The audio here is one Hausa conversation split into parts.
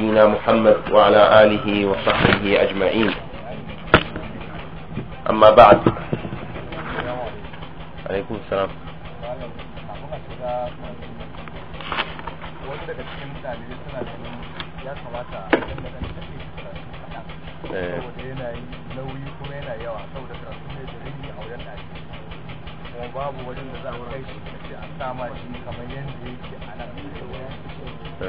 نبينا محمد وعلى آله وصحبه أجمعين أما بعد عليكم السلام babu wajen da za a kai shi a sama shi kamar yadda yake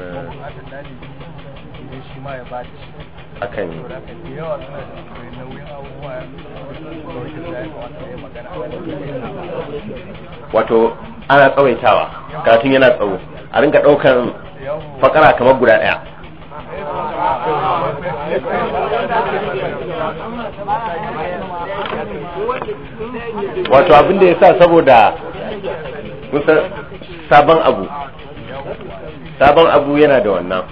a nan ne shi ma ya shi akan yi yawa suna da nauyin abubuwa ya magana wato ana tsawaitawa karatun yana tsawo a rinka ɗaukar fakara kamar guda ɗaya wato abin da ya sa saboda sabon abu sabon abu yana da wannan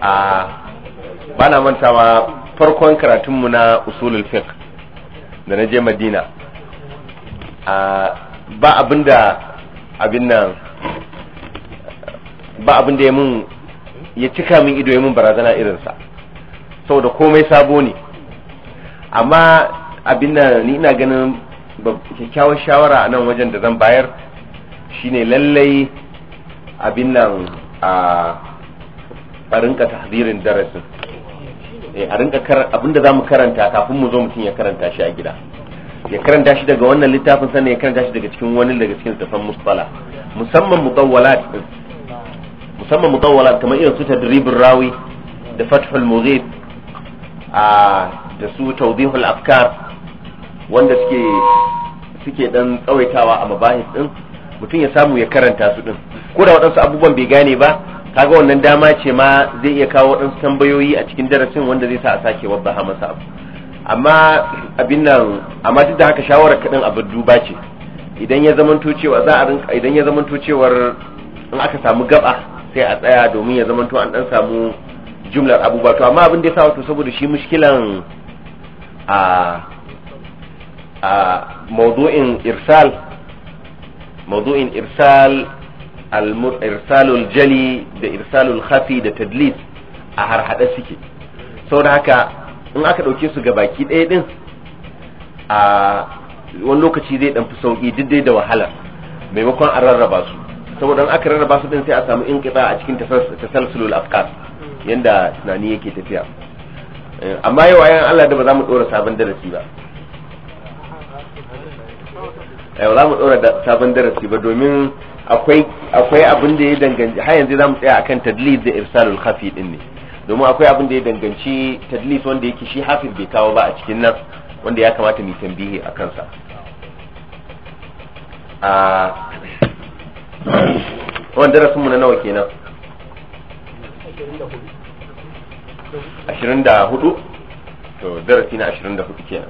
a bana mantawa farkon karatunmu na usulul fiqh da na je madina a ba abinda abin nan ba abinda ya mun ya cika min ido ya mun barazana irinsa saboda komai sabo ne amma abin nan ni ina ganin kyakkyawar shawara a nan wajen da zan bayar shine lallai abin nan a rinka tahzirin darasin eh, a rinka abinda mu karanta kafin mu zo mutum ya karanta shi a gida ya karanta shi daga wannan littafin sannan ya karanta shi daga cikin wani daga cikin tafan musfala musamman mutawwalat musamman mutawwalat kamar irin su tadribin rawi da fathul mughib a da su tawdihul afkar wanda suke suke dan tsawaitawa a mabahis din mutum ya samu ya karanta su din ko da waɗansu abubuwan bai gane ba kaga wannan dama ce ma zai iya kawo waɗansu tambayoyi a cikin darasin wanda zai sa a sake wabba masa abu amma abin nan amma duk da haka shawarar kaɗin abin duba ce idan ya zamanto cewa za a rinka idan ya zamanto cewar in aka samu gaba sai a tsaya domin ya zamanto an ɗan samu jumlar abubuwa to amma abin da ya sa wato saboda shi mushkilan a a mawdu'in irsal mawdu'in irsal irsalul jali da irsalul khafi da tadlis a harhaɗe suke saboda haka in aka ɗauke su ga baki ɗaya ɗin a wani lokaci zai ɗan fi sauƙi diddai da wahala maimakon a rarraba su saboda in aka rarraba su ɗin sai a samu inƙita a cikin tasalsulul afkar. yanda tunani yake tafiya eh, amma yau ayan Allah da ba za mu ɗora sabon darasi ba eh, ba za mu ɗora sabon darasi ba domin akwai akwai abin da ya danganci har yanzu zamu tsaya akan tadlis da irsalul khafi din ne domin akwai abin da ya danganci tadlis wanda yake shi hafiz bai kawo ba a cikin nan wanda ya kamata mu tambaye a kansa a wanda darasin mu na nawa kenan 24 to darasi na 24 kenan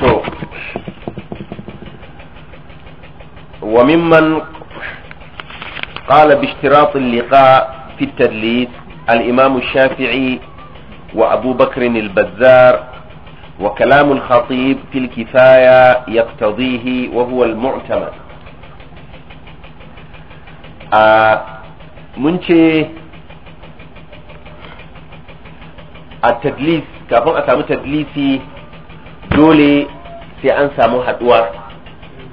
to وممن قال باشتراط اللقاء في التدليس الإمام الشافعي وأبو بكر البزار وكلام الخطيب في الكفاية يقتضيه وهو المعتمد آه منشي التدليس كافون أسامو تدليسي دولي في أنسى مهدوه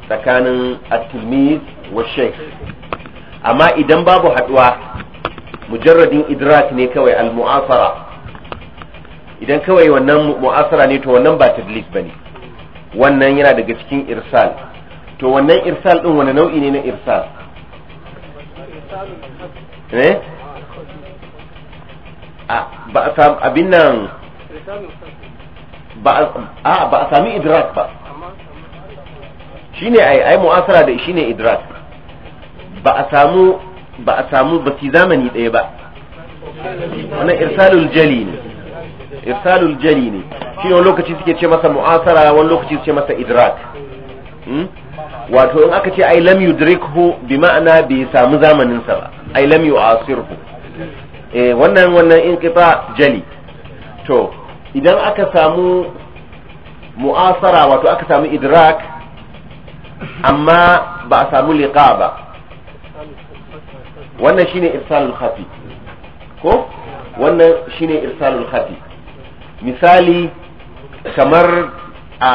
tsakanin at-tilmiz wa shaykh amma idan babu haduwa mujarradin idrak ne kawai al-mu'asara idan kawai wannan mu'asara ne to wannan ba tadlis bane wannan yana daga cikin irsal to wannan irsal din wani nau'i ne na irsal eh ba a ba a sami idrak ba shine ai ai mu'asara da shine idrak ba a samu ba a samu ba ci zamani ɗaya ba wannan irsalul jali ne irsalul jali ne ne wani lokaci suke ce masa mu'asara wani lokaci suke masa idrak hmm? wato in aka ce ai lam yudrikhu bi ma'ana bi samu zamanin sa ba ai lam yu'asirhu eh wannan wannan in kifa jali to idan aka samu mu'asara wato aka samu idrak amma ba a samu liqa ba wannan shine irsalul khafi ko wannan shine irsalul khafi misali kamar a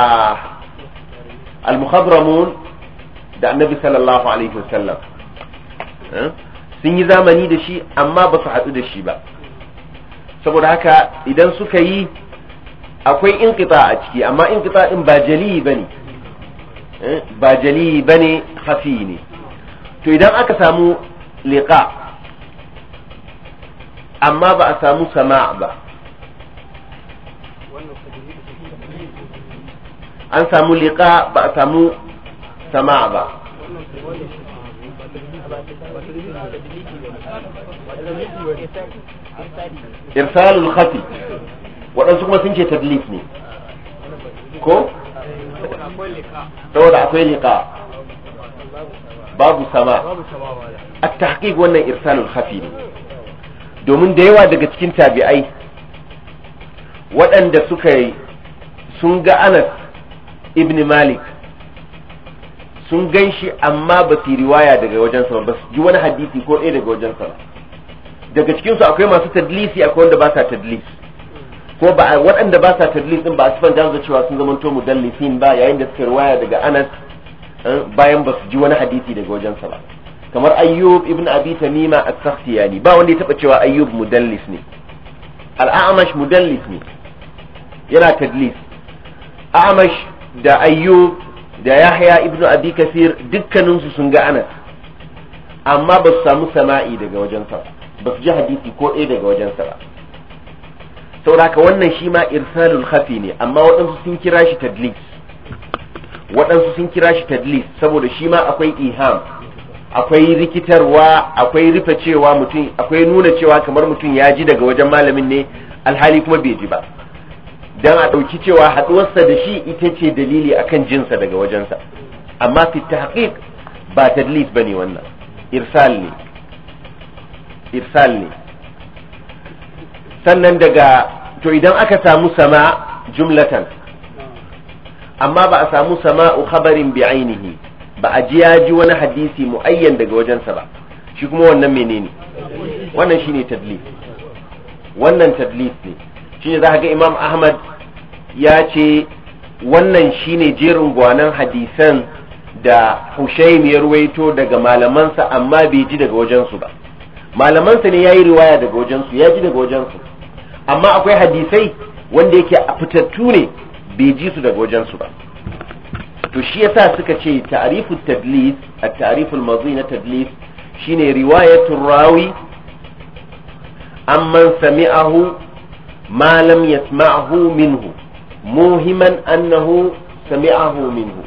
al-mukhadramun da annabi sallallahu alaihi wasallam sun yi zamani da shi amma ba su haɗu da shi ba saboda haka idan suka yi akwai inkita a ciki amma inkita din ba jali bane ba jali bane hafi ne to idan aka samu liqa amma ba a samu sama ba an samu liqa ba a samu sama ba irsalul khafi waɗansu kuma sun ce tadlif ne ko saboda akwai liqa babu sama at tahqiq wannan irsalul khafi ne domin da yawa daga cikin tabi'ai waɗanda suka yi sun ga Anas ibn Malik sun ganshi amma ba su riwaya daga wajensa ba su ji wani hadisi ko ɗaya daga wajen sama. daga cikin su akwai masu tadlisi akwai wanda ba sa tadlisi ko ba waɗanda ba sa tadlis ba a sifan da cewa sun zama to mudallisin ba yayin da suke riwaya daga Anas eh, bayan ba su ji wani hadisi daga wajensa ba kamar ayyub ibn abi tamima as-sakhtiyani ba wanda ya taba cewa ayyub mudallis ne al-a'mash mudallis ne yana tadlis a'mash da ayyub da yahya ibn abi Kathir dukkanin su sun ga anas amma ba su samu sama'i daga wajensa ba ba su ji hadisi ko ɗaya daga wajensa ba sauraka wannan shi ma irsalul khafi ne amma waɗansu sun kira shi tadlis waɗansu sun kira shi tadlis saboda shi ma akwai iham akwai rikitarwa akwai rufe cewa mutum akwai nuna cewa kamar mutum ya ji daga wajen malamin ne alhali kuma bai ji ba dan a ɗauki cewa haɗuwarsa da shi ita ce dalili akan jinsa daga wajensa amma fi tahqiq ba tadlis bane wannan irsal ne irsal ne sannan daga to idan aka samu sama jumlatan amma ba a samu sama sama'u khabarin ainihi, ba a ji ya ji wani hadisi mu'ayyan daga wajensa ba shi kuma wannan menene wannan shine tadlis wannan tadlis ne shine za ga imam ahmad ya ce wannan shine jerin gwanan hadisan da Hushaim ya ruwaito daga malamansa amma bai ji daga wajensu ba malamansa ne ya yi riwaya daga wajensu ya ji daga wajensu amma akwai hadisai wanda yake fitattu ne bai ji su daga wajen su ba to shi yasa suka ce ta'rifu tadlis a tarifu mazi madhi na tadlis shine riwayatul rawi amman sami'ahu ma lam yasma'hu minhu muhiman annahu sami'ahu minhu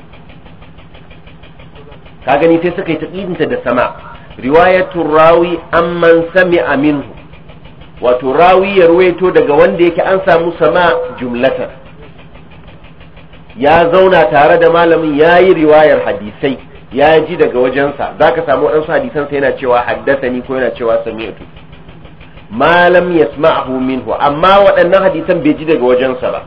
ka gani sai suka yi taqidinta da sama riwayatu rawi amman sami'a minhu wato rawi ya ruwaito daga wanda yake an samu sama jumlata ya zauna tare da malamin ya yi riwayar hadisai ya ji daga wajensa za ka samu wadansu hadisansa yana cewa haddasani ko yana cewa sami'atu malam homin minhu amma waɗannan hadisan bai ji daga wajensa ba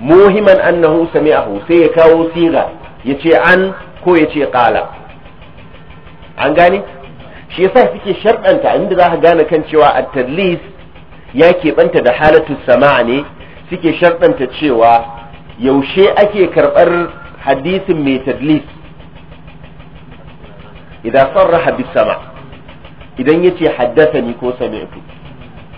muhiman annahu sami'ahu sai ya kawo siga ya ce an ko ya ce ƙala an gane shi yasa suke sharɗanta inda za ka gane kan cewa at-tadlis ya keɓanta da halatu sama ne suke sharɗanta cewa yaushe ake karɓar hadisin mai tadlis idan sarraha hadis sama idan yace haddasa ni ko sami'tu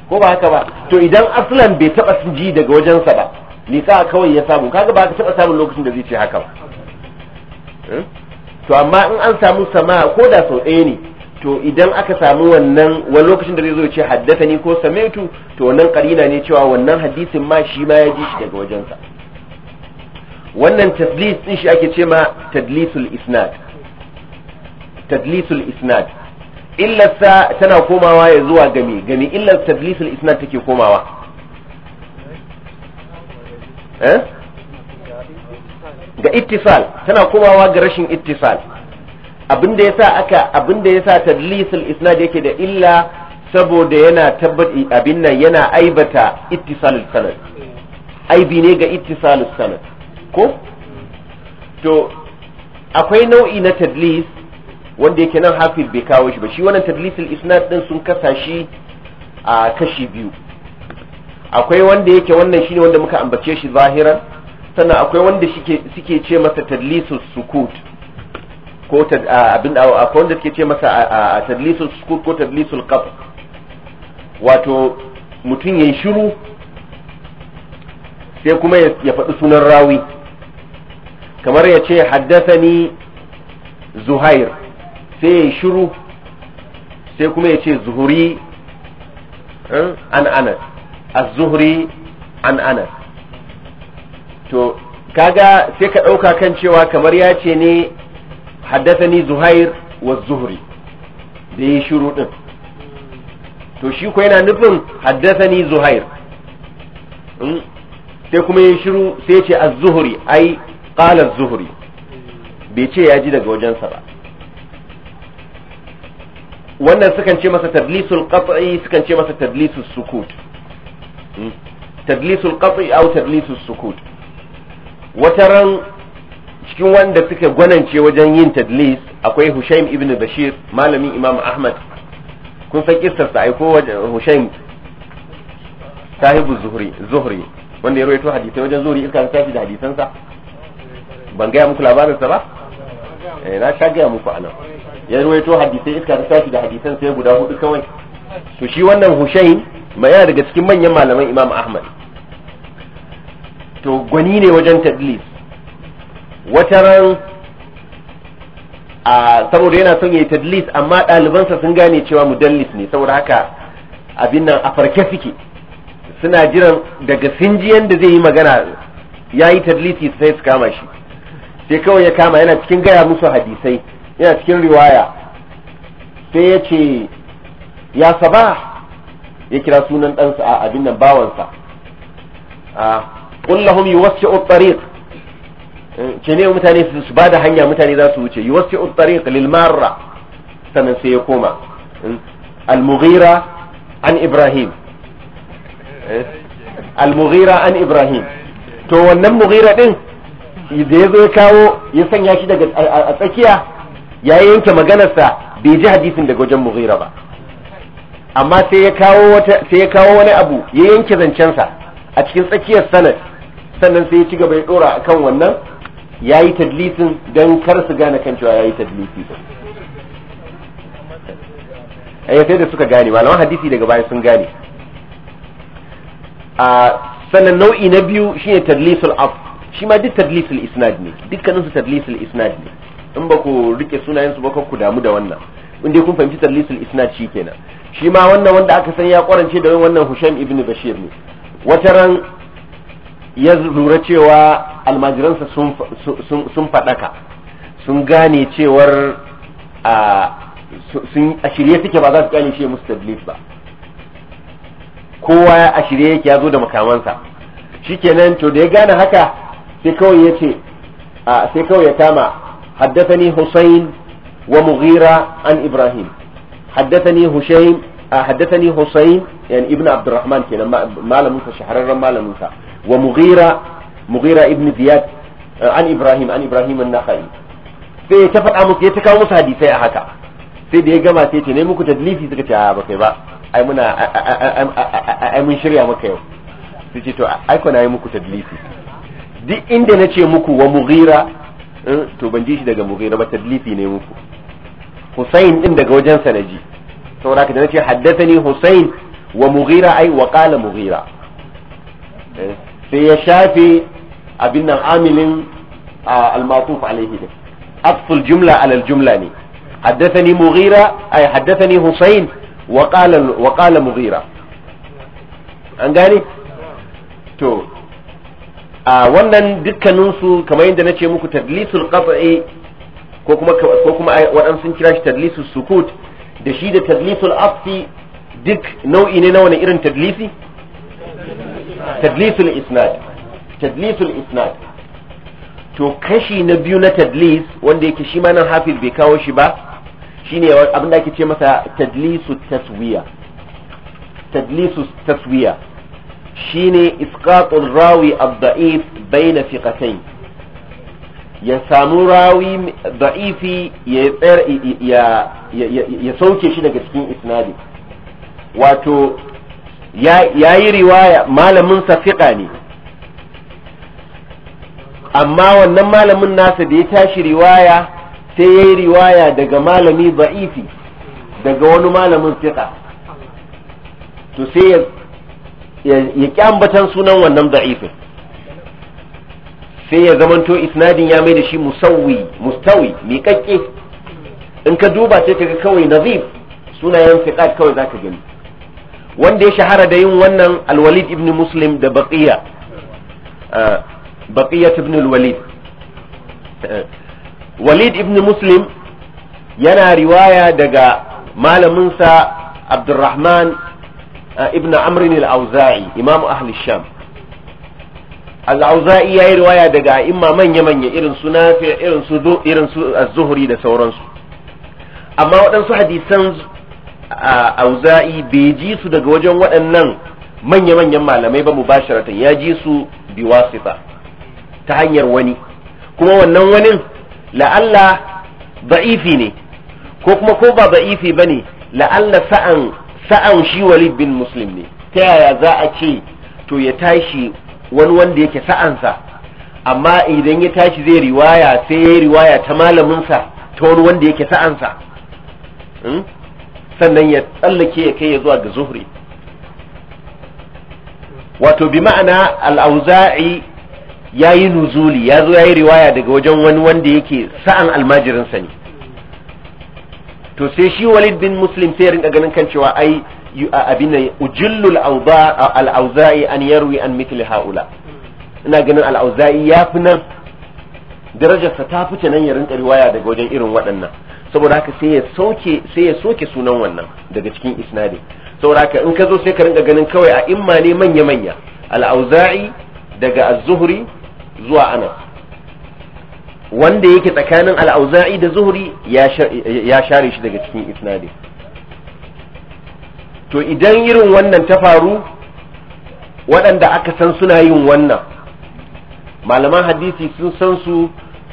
ko ba haka ba to idan aslan bai taɓa ji daga wajensa ba liƙa kawai ya samu kaga ba ka taɓa samun lokacin da zai ce haka ba hmm? to amma in an samu sama ko da sau ɗaya ne to idan aka samu wannan wani lokacin da zai zo ce haddasa ni ko sametu to wannan karina ne cewa wannan hadisin ma shi ma ya ji shi daga wajensa wannan tadlis din shi ake ce ma tadlisul isnad tadlisul isnad illarsa tana komawa ya zuwa game game illa tadlisul isnad take komawa eh ga ittisal tana komawa ga rashin ittisal abinda yasa aka da yasa tadlisul isnad yake da illa saboda yana tabbati abin nan yana aibata ittisalul sanad aibi ne ga ittisalul sanad ko to akwai nau'i na tadlis wanda yake nan hafiz bai kawo shi ba shi wannan tadlisul isnad din sun kasa shi a kashi biyu akwai wanda yake wannan shine wanda muka ambace shi zahiran sannan akwai wanda suke ce masa tadlisul sukut ko ta abin da akwai wanda suke ce masa a tadlisul sukut ko tadlisul qatl wato mutum yayi shiru sai kuma ya faɗi sunan rawi kamar ya ce ni zuhair sai ya shiru sai kuma ya ce zuhuri eh, an anas az-zuhri an anas to kaga sai ka ɗauka kan cewa kamar ya ce ne haddathani zuhair wa zuhri da yi shiru din to shi ko yana nufin haddathani zuhair sai kuma ya shiru sai ce az-zuhri ai qala az-zuhri bai ce ya ji daga wajensa ba wannan sukan ce masa tadlisul qat'i sukan ce masa tadlisus sukut tadlisul qat'i aw tadlisus sukut wataran cikin wanda suka gwanance wajen yin tadlis akwai Hushaim ibn Bashir malamin Imam Ahmad kun san kissar sa aiko Hushaim sahibu Zuhri Zuhri wanda ya rawaito hadisi wajen Zuhri iska ta tafi da hadisan sa ban gaya muku labarin sa ba eh na ta gaya muku anan ya rawaito hadisi iska ta tafi da hadisan sa guda hudu kawai to shi wannan Hushaim ma yana daga cikin manyan malaman Imam Ahmad to gwani ne wajen tadlis wata ran a saboda yana son yi tadlis amma ɗalibansa sun gane cewa mudallis ne saboda haka abin nan a farke suke suna jiran daga sinjiyan da zai yi magana ya yi tadlisi sai su kama shi sai kawai ya kama yana cikin gaya musu hadisai yana cikin riwaya sai ya ce ya saba ya kira sunan ɗansa a abin nan bawansa a ƙullahum yi wasu tariq ce ne mutane su ba da hanya mutane za su wuce yuwassi uttariq lil marra sannan sai ya koma al-mughira an ibrahim al-mughira an ibrahim to wannan mughira din da ya zo kawo ya sanya shi daga a tsakiya ya yanke maganarsa bai ji hadisin daga wajen mughira ba amma sai ya kawo wani abu ya yanke zancensa a cikin tsakiyar sanad sannan sai ya ci gaba ya dora akan wannan ya yi tadlisin don kar su gane kan cewa ya yi tadlisi ɗin eh, sai da suka gane malaman hadisi daga baya sun gane a ah, sannan nau'i na biyu shine tadlisul af shi ma duk tadlisul isnad ne dukkanin su tadlisul isnad ne in ba ku rike sunayen su ba ku damu da wannan in dai kun fahimci tadlisul isnad shi kenan shi ma wannan wanda aka san ya kwarance da wannan Husham ibn Bashir ne wata ran ya lura cewa almajiransa sun faɗaka sun gane cewar a shirye suke ba za su gane shi musu tablis ba kowa a shirye yake ya zo da makamansa shikenan to da ya gane haka sai kawai ya ce sai kawai ya kama haddathani Hussein wa Mughira an Ibrahim haddathani Hussein haddathani Hussein yani ibn Abdurrahman kenan malamin sa shahararren malamin sa wa Mughira mughira ibn ziyad eh, an ibrahim an ibrahim an-nakhai sai ta faɗa musu ya ta kawo musu hadisai a haka sai da ya gama sai ta nemi ku tadlisi suka ce ba kai ba ai muna ai mun shirya maka yau sai ce to ai ko na yi muku tadlisi duk inda na ce muku wa mughira eh, to ban ji shi daga mughira ba tadlisi ne muku husain din daga wajen sa naji saboda haka da nace haddathani husain wa mughira ai wa qala mughira eh, sai ya shafe abin nan amilin al-matuf alayhi ne aqsul jumla ala al-jumla ne haddathani mughira ay haddathani husayn wa qala wa qala mughira an gani to a wannan dukkanin su kamar yadda nace muku tadlisul qat'i ko kuma ko kuma waɗansu sun kira shi tadlisul sukut da shi da tadlisul asfi duk nau'i ne na wani irin tadlisi tadlisul isnad tadlisul isnad to kashi na biyu na tadlis wanda yake shi ma nan hafiz bai kawo shi ba shine abin da ake ce masa tadlisu taswiya tadlisu taswiya shine isqatul rawi ad-da'if bayna fiqatayn ya samu rawi da'ifi ya ya ya sauke shi daga cikin isnadi wato ya yi riwaya malamin sa fiqa ne amma wannan malamin nasa da ya tashi riwaya sai ya yi riwaya daga malami ba'ifi daga wani malamin fiƙa to sai ya kyambatan sunan wannan ba'ifi sai ya zamanto isnadin ya mai da shi musawwi mustawi miƙaƙƙe in ka duba sai ka ga kawai nazif sunayen fiƙa kawai ka gani wanda ya shahara da yin wannan alwalid ibn muslim da baqiya eh, baqiyat ibn walid walid ibn muslim yana riwaya daga malaminsa abdurrahman uh, ibn amrin al-auza'i imam ahli sham al-auza'i yayi riwaya daga imma manya manya irin su nafi irin su irin su da sauransu amma waɗansu hadisan uh, auza'i bai ji su daga wajen waɗannan manya manyan malamai ba mubasharatan ya ji su bi biwasita ta hanyar wani kuma wannan wani la'alla ba'ifi ne ko kuma ko ba ba'ifi bane la'alla sa'an sa'an shi walid bin muslim ne ta yaya za a ce to ya tashi wani wanda yake sa'ansa amma idan ya tashi zai riwaya sai ya riwaya ta malaminsa ta wani wanda yake sa'ansa hmm? sannan ya tsallake ya kai ya zuwa ga zuhri wato bi ma'ana al'auza'i ya yi nuzuli ya zo ya yi riwaya daga wajen wani wanda yake sa'an almajirinsa ne to sai shi walid bin muslim sai rinka ganin kan cewa ai abin da ujillul al'auza'i an yarwi an mitli haula ina ganin al'auza'i ya fi nan darajarsa ta fice nan ya rinka riwaya daga wajen irin waɗannan saboda haka sai ya soke sunan wannan daga cikin isnadi saboda haka in ka zo sai ka rinka ganin kawai a imma ne manya manya al'auza'i daga az-zuhri zuwa anas wanda yake tsakanin al'auza'i da zuhuri ya share shi daga cikin isnadi to idan irin wannan ta faru waɗanda aka san suna yin wannan malaman hadisi sun san su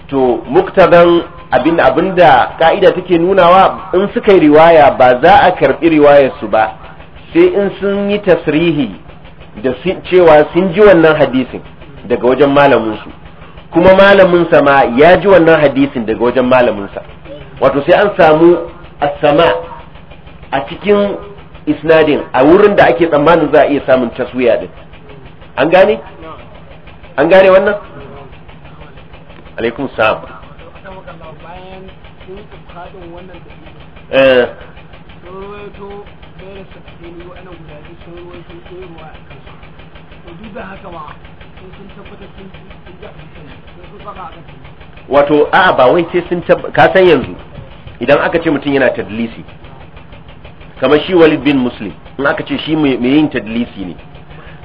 to muktaban abin abinda ka'ida take nunawa in suka yi riwaya ba za a karɓi riwayarsu ba sai in sun yi tasrihi da cewa sun ji wannan hadisin daga wajen malaminsu kuma malaminsa ma ya ji wannan hadisin daga wajen malaminsa wato sai an samu asama a cikin isnadin a wurin da ake tsammanin za a iya samun taswiya din an gane an gane wannan alaikun sa'am eh wato a'a ba wai sai sun ka san yanzu idan aka ce mutum yana tadlisi kamar shi walid bin muslim in aka ce shi mai yin tadlisi ne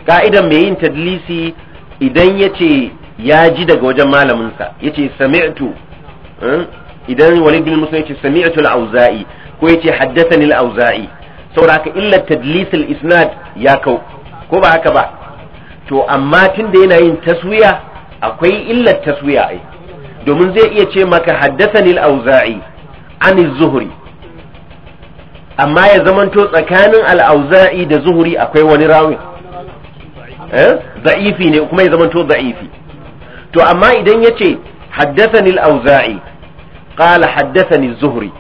ka'idan mai yin tadlisi idan ya ce ya ji daga wajen malaminsa ya ce sami'atu eh, idan walid bin muslim ya ce sami'atu al-auza'i ko ya ce ni al-auza'i saboda aka illar tadlisil isnad ya kau ko ba haka ba to amma tun da yana yin taswiya akwai illar taswiya ai domin zai iya ce maka haddathani al-auza'i an zuhri amma ya zamanto tsakanin al-auza'i da zuhri akwai wani rawin. za'ifi eh? ne kuma ya zamanto za'ifi to amma idan ya ce, al-auza'i qala haddathani az-zuhri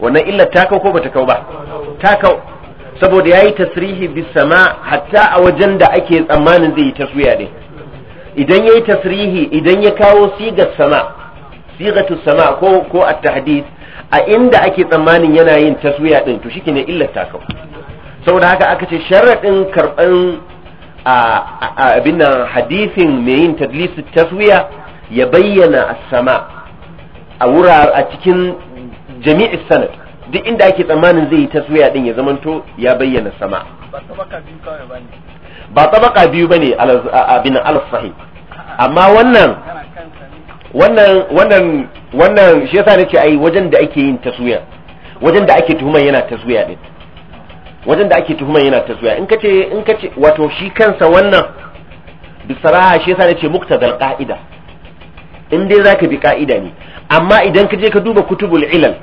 wannan illar ta kau ko bata kau ba ta kau saboda ya yi tasrihi bis sama hatta a wajen da ake tsammanin zai yi taswiya din idan yayi tasrihi idan ya kawo sigar sama sigatu sama ko ko a tahdid a inda ake tsammanin yana yin taswiya din to shike ne illar takau saboda haka aka ce sharadin karban abin nan hadisin mai yin tadlis taswiya ya bayyana as-sama a wurar a cikin jami'in sanata duk inda ake tsammanin zai yi taswiya din ya zamanto ya bayyana sama ba tabaka biyu bane abin al-sahih amma wannan wannan wannan wannan shi yasa nace ai wajen da ake yin taswiya wajen da ake tuhuman yana taswiya din wajen da ake tuhuman yana taswiya in kace in kace wato shi kansa wannan bisaraha shi yasa nace muktadal qa'ida in dai zaka bi ka'ida ne amma idan kaje ka duba kutubul ilal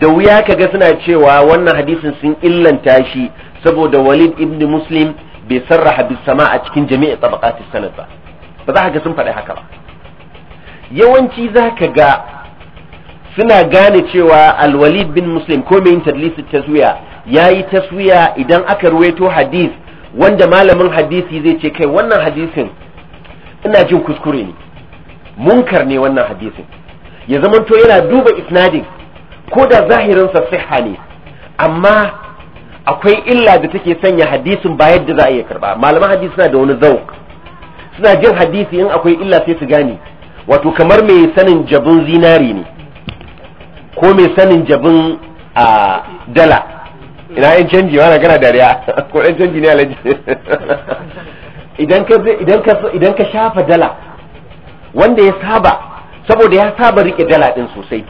da wuya ka ga suna cewa wannan hadisin sun illanta shi saboda walid ibn muslim bai sarraha bis sama a cikin jami'i tabaqatis sanad ba ba za ka ga sun faɗi haka ba yawanci za ka ga suna gane cewa alwalid bin muslim ko mai tadlisi taswiya ya yi taswiya idan aka ruwaito hadis wanda malamin hadisi zai ce kai wannan hadisin ina jin kuskure ne munkar ne wannan hadisin ya zamanto yana duba isnadin ko da zahirinsa siha ne amma akwai illa da take sanya hadisin ba yadda za a iya karba malaman hadisi suna da wani zauk suna jin hadisi in akwai illa sai su gane wato kamar mai sanin jabin zinari ne ko mai sanin jabin a dala ina yin canji wani gana dariya ko yan canji ne alaji idan ka shafa dala wanda ya saba saboda ya saba rike dala din sosai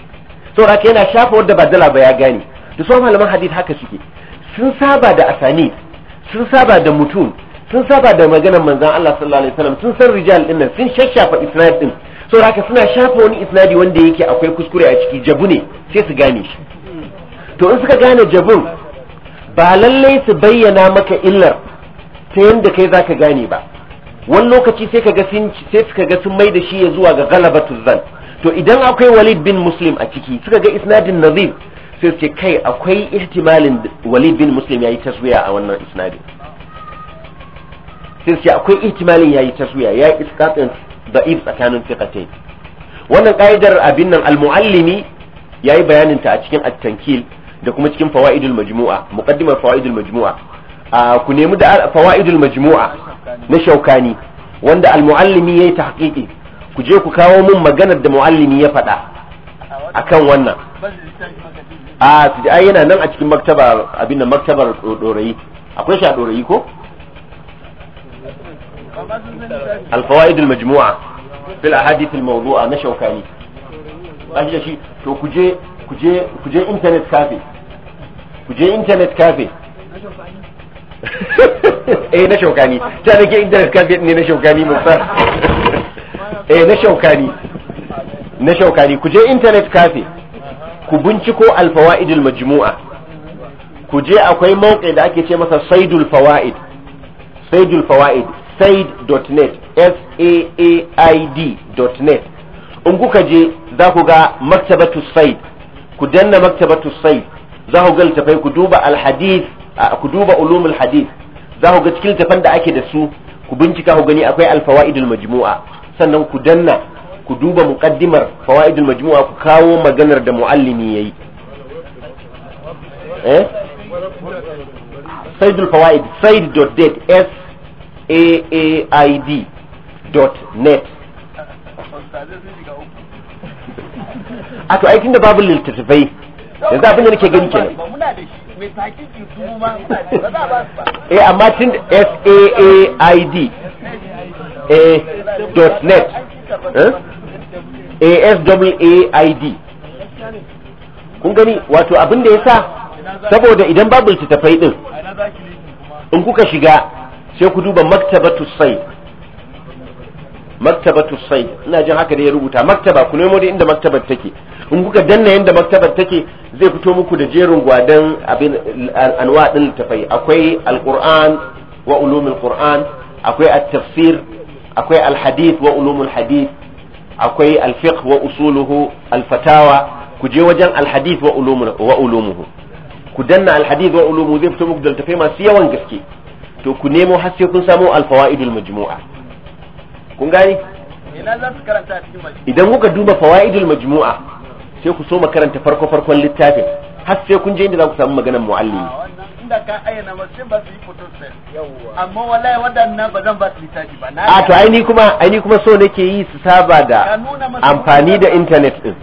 saboda yana shafa wadda ba dala ba ya gane da sauran malaman hadith haka suke sun saba da asani sun saba da mutum sun saba da maganar manzan Allah sallallahu alaihi wasallam sun san rijal din nan sun shashafa isnad din saboda haka suna shafa wani isnadi wanda yake akwai kuskure a ciki jabu ne sai su gane shi to in suka gane jabun ba lallai su bayyana maka illar ta yadda kai zaka gane ba wani lokaci sai ka ga sun sai suka ga sun mai da shi ya zuwa ga galabatu zan to idan akwai walid bin muslim a ciki suka ga isnadin nazir sai su ce kai akwai ihtimalin walid bin muslim yayi taswiya a wannan isnadin sai su ce akwai ihtimalin yayi taswiya ya iskatin da'if tsakanin fiqatain wannan ka'idar abin nan al-muallimi yayi bayanin ta a cikin at-tankil da kuma cikin fawaidul majmu'a muqaddimar fawaidul majmu'a ku nemi da fawaidul majmu'a na shaukani wanda al-muallimi yayi tahqiqi ku je ku kawo mun maganar da muallimi ya faɗa a kan wannan a su ai yana nan a cikin maktaba abin da maktabar dorayi akwai shi a ɗorayi ko alfawa idul الفوائد المجموعة في الأحاديث الموضوعة نشوكاني أجل شيء تو ku je كجي إنترنت ku je internet cafe. eh na shaukani ta da ke intanet kafe ne na shaukani musa eh na shaukani na shaukani ku je internet cafe ku binciko alfawaidul majmu'a ku je akwai mawqi da ake ce masa saidul fawaid saidul fawaid said.net s a a i d.net in kuka je za ku ga maktabatu said ku danna maktabatu said za ku ga littafai ku duba alhadith ku duba ulumul hadith za ku ga cikin littafan da ake da su ku bincika ku gani akwai alfawaidul majmu'a sannan ku danna ku duba muqaddimar fawaidul majmu'a ku kawo maganar da muallimi yayi eh saidul fawaid said.net s a a i d net a to aikin da babu littafai yanzu abin da nake gani kenan eh amma tin s a a i d dot net eh? aswaid kun gani wato abin da ya sa saboda idan babu littattafai din in kuka shiga sai ku duba maktabatu sai maktabatu sai ina jin haka da ya rubuta maktaba ku nemo da inda maktabar take in kuka danna inda maktabar take zai fito muku da jerin gwadan abin anwa din littattafai akwai alquran wa ulumul quran akwai at-tafsir akwai alhadith wa ulumul hadith akwai alfiqh wa usuluhu alfatawa ku je wajen alhadith wa wa ulumuhu ku danna alhadith wa ulumuhu zai fito muku da tafai masu yawan gaske to ku nemo har sai kun samu alfawaidul majmu'a kun gani idan kuka duba fawaidul majmu'a sai ku so karanta farko farkon littafin har sai kun je inda za ku samu maganar muallimi inda ka ayyana ba su yi photo cell amma wallahi wadannan ba zan ba su litafi ba a to ai ni kuma ai ni kuma so nake yi su saba da amfani da internet din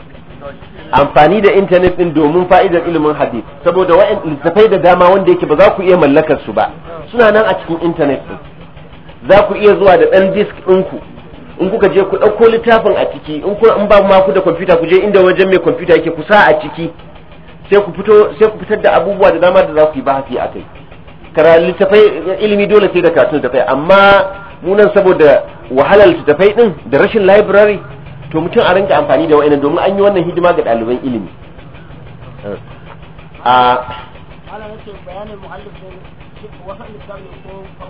amfani da internet din domin fa'idar ilimin hadith saboda wa'in littafai da dama wanda yake ba za ku iya mallakar su ba suna nan a cikin internet din za ku iya zuwa da ɗan disk ɗinku in kuka je ku ɗauko littafin a ciki in ku in ba ma ku da kwamfuta ku je inda wajen mai kwamfuta yake kusa a ciki sai ku fito sai fitar da abubuwa da dama da za ku yi bahasi a kai kara littafai ilimi dole sai da karatu littafai amma munan saboda wahalar littafai din da rashin library to mutum a rinka amfani da wa'annan domin an yi wannan hidima ga ɗaliban ilimi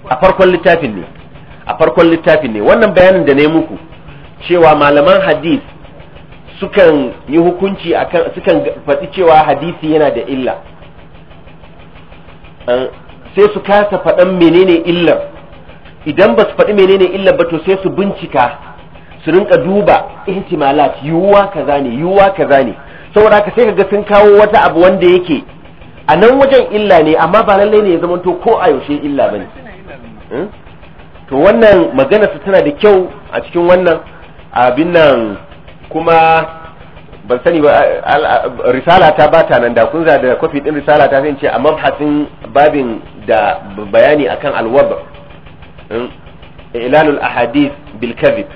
a farkon littafin ne a farkon littafin ne wannan bayanin da ne muku cewa malaman hadith sukan yi hukunci akan sukan faɗi cewa hadisi yana da illa eh, sai su kasa faɗan menene illar idan ba su faɗi menene illar ba to sai su bincika su rinka duba ihtimalat yiwuwa kaza ne yiwuwa kaza ne saboda haka sai kaga sun kawo wata abu wanda yake a nan wajen illa ne amma ba lallai ne ya zama to ko a yaushe illa bane eh? to wannan magana su tana da kyau a cikin wannan abin nan kuma ban sani ba risala ta bata nan da kun da kofi din risala ta sai ce a mabhasin babin da bayani akan alwab hmm, ilalul ahadith bil kadhib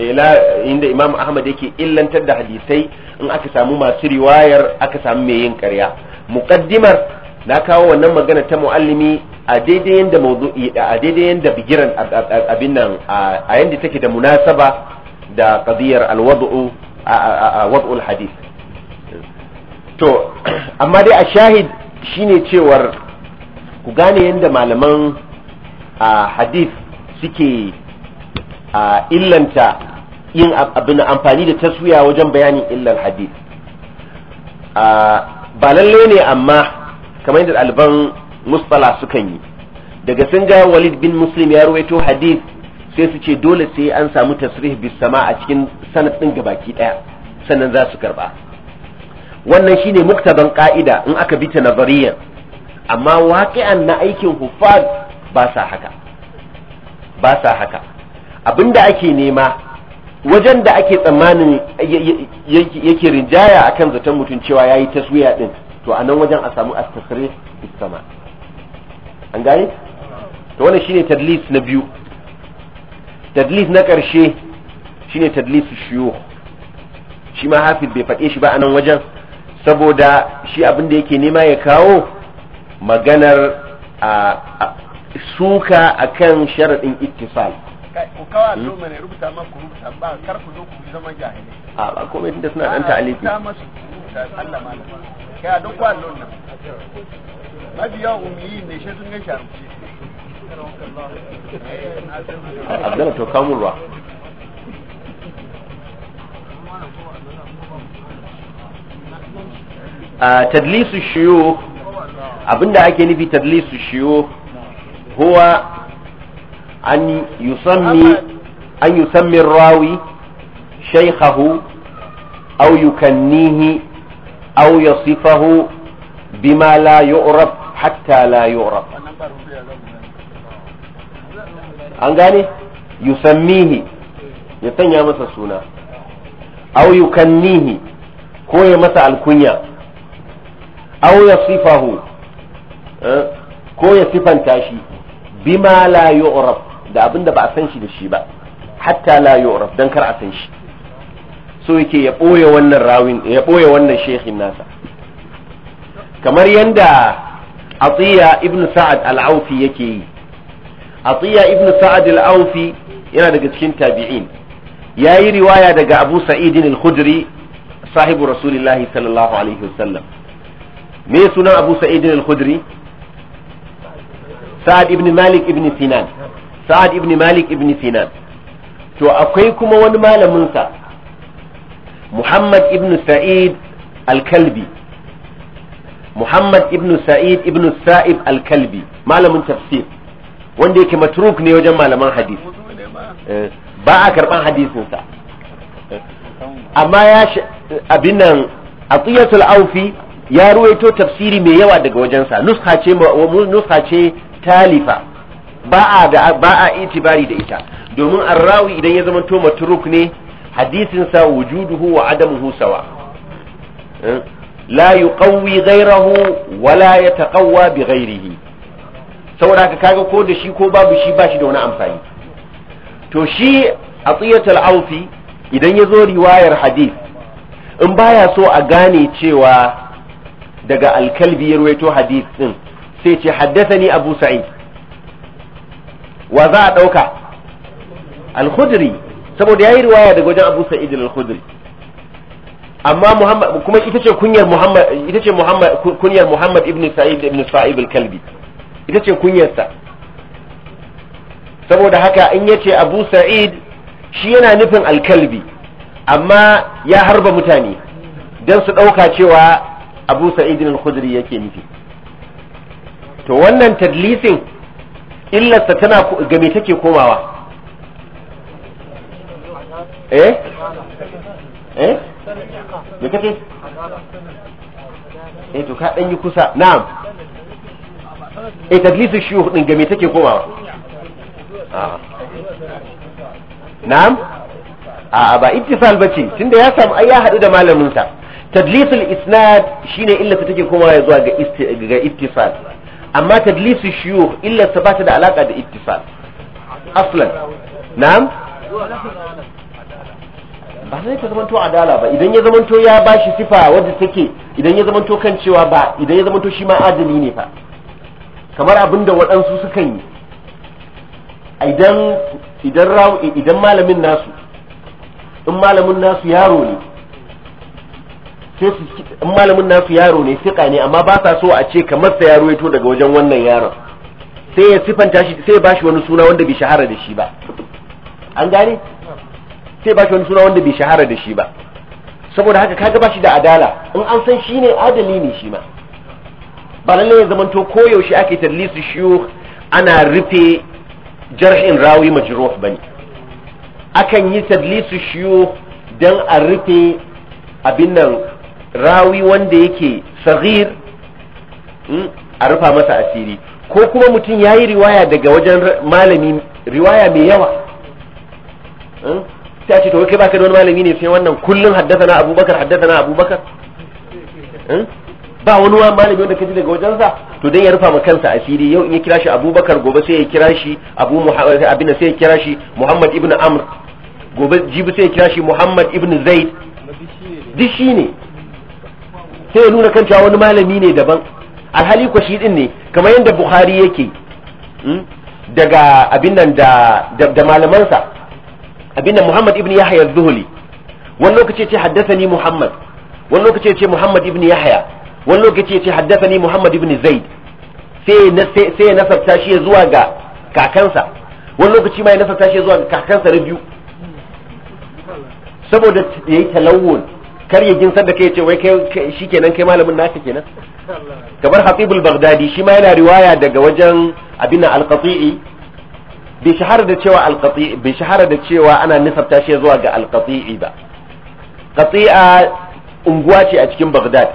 ila inda imam ahmad yake illantar da hadisai in aka samu masu riwayar aka samu mai yin ƙarya muqaddimar na kawo wannan magana ta muallimi a daidai yanda mawdu'i a daidai yanda bigiran abin nan a yanda take da munasaba da qadiyar alwad'u wad'ul hadith to amma dai a shahid shine cewar ku gane yadda malaman hadith suke illanta yin abin amfani da taswiya wajen bayanin illar hadith ba lalle ne amma kamar yadda ɗaliban mustala sukan yi daga sun ga walid bin muslim ya ruwaito hadith sai su ce dole sai an samu tasrih bis sama a cikin sanad din gabaki daya sannan za su karba wannan shine muktaban ka'ida in aka bi ta nazariya amma waqi'an na aikin hufad ba sa haka ba sa haka abinda ake nema wajen da ake tsammanin yake rinjaya akan zaton mutum cewa yayi taswiya din to a nan wajen a samu at-tasrih bis sama an gane to wannan shine tadlis na biyu tadlis na ƙarshe shine tadlis shuyukh shi ma hafiz bai faɗe shi ba a nan wajen saboda shi abin da yake nema ya kawo maganar a suka akan sharaɗin ittisal ku hmm? rubuta rubuta ba kar a komai suna ta'alifi umiyi ne shi sun عندنا توقع مرة تدليس الشيوخ abinda ake nufi tadlisu shiyukh huwa an yusammi an yusammi rawi shaykhahu aw yukannihi aw yasifahu bima la yu'raf hatta la yu'raf an gane yusammihi ya sanya masa suna au yukannihi ko ya masa alkunya au ya sifahu eh? ko ya sifanta shi bima la yu'raf da abinda ba a san shi da shi ba hatta la yu'raf dan kar a san shi so yake ya boye wannan rawin ya boye wannan shekhin nasa kamar yanda atiya ibnu sa'ad al-aufi yake yi atiya ibn sa'ad al-aufi yana daga cikin tabi'in yayi riwaya daga abu sa'id al-khudri sahibu rasulillahi sallallahu alaihi wasallam me sunan abu sa'id al-khudri sa'ad ibn malik ibn sinan sa'ad ibn malik ibn sinan to akwai kuma wani malamin sa muhammad ibn sa'id al-kalbi muhammad ibn sa'id ibn sa'ib al-kalbi malamin tafsir wanda yake matruk ne wajen malaman hadisi eh, ba a karban hadisinsa amma ya abin nan atiyatul aufi ya ruwaito tafsiri mai yawa daga wajensa nuska ce nuska ce talifa ba a da ba a itibari da ita domin arrawi idan ya zama to matruk ne hadisinsa wujuduhu wa adamuhu husawa eh, la yuqawwi ghayrahu wala la yataqawwa bi ghayrihi saboda haka kaga ko da shi ko babu shi ba shi da wani amfani to shi a tsiyatul aufi idan ya zo riwayar hadith in baya so a gane cewa daga alkalbi ya ruwaito hadith din sai ce haddathani abu sa'id wa za a dauka al-khudri saboda yayi riwaya daga wajen abu sa'id al amma muhammad kuma ita ce kunyar muhammad ita ce muhammad kunyar muhammad ibn sa'id ibn sa'ib alkalbi kalbi ita ce kunyarsa saboda haka in yace abu sa'id shi yana nufin alkalbi amma ya harba mutane don su ɗauka cewa abu sa'id al-khudri yake nufi to wannan tadlisin illarsa tana game take komawa eh eh me kake eh to ka ɗan yi kusa na'am eh tadlisu shuyukh din game take komawa ah. na'am a ba ittisal bace tunda ya samu ai ya hadu da malamin sa tadlisul isnad shine illa ta take ya zuwa ga ga ittisal amma tadlisu shuyukh illa ta bata da alaka da ittisal aslan na'am ba zai ta zamanto adala ba idan ya zamanto ya bashi sifa wadda take idan ya zamanto kan cewa ba idan ya zamanto shi ma adali ne fa kamar abin da waɗansu sukan yi idan idan malamin nasu in malamin nasu yaro ne in malamin nasu yaro ne fiƙa ne amma ba sa so a ce kamar sa yaro ya to daga wajen wannan yaron sai ya sifanta shi sai ba shi wani suna wanda bai shahara da shi ba an gane sai ba shi wani suna wanda bai shahara da shi ba saboda haka kaga ba shi da adala in an san shi ne adali ne shi ma ba lalle ya ko yaushe ake tallisu shiyu ana rufe jarhin rawi majruh bane akan yi tallisu shiyu dan a rufe abin nan rawi wanda yake saghir hmm, a rufa masa asiri ko kuma mutum ya yi riwaya daga wajen malami riwaya mai yawa ta hmm, ce to kai baka da wani malami ne sai wannan kullum haddasa na abubakar haddasa na abubakar hmm? ba wani wa malami wanda kaji daga wajensa to dan ya rufa ma kansa asiri yau in ya kira shi Abubakar gobe sai ya kira shi Abu Muhammad abin sai ya kira shi Muhammad ibn Amr gobe jibi sai ya kira shi Muhammad ibn Zaid duk ne sai ya nuna kanta wani malami ne daban alhali ko shi din ne kamar yadda Bukhari yake hmm, daga abin nan da da malamansa abin nan Muhammad ibn Yahya az-Zuhli wani lokaci ce haddathani Muhammad wani lokaci ce Muhammad ibn Yahya wani lokaci ya ce haddasani Muhammad ibn Zaid sai ya nasabta shi zuwa ga kakansa wani lokaci ma ya nasabta shi zuwa ga kakansa na biyu saboda ya yi talawun kar ya ginsar da kai ya ce wai kai shi kenan kai malamin naka kenan kamar Hatibul Baghdadi shi ma yana riwaya daga wajen abin al bai shahara da cewa al bai shahara da cewa ana nisabta shi zuwa ga al ba Qati'a unguwa ce a cikin Baghdad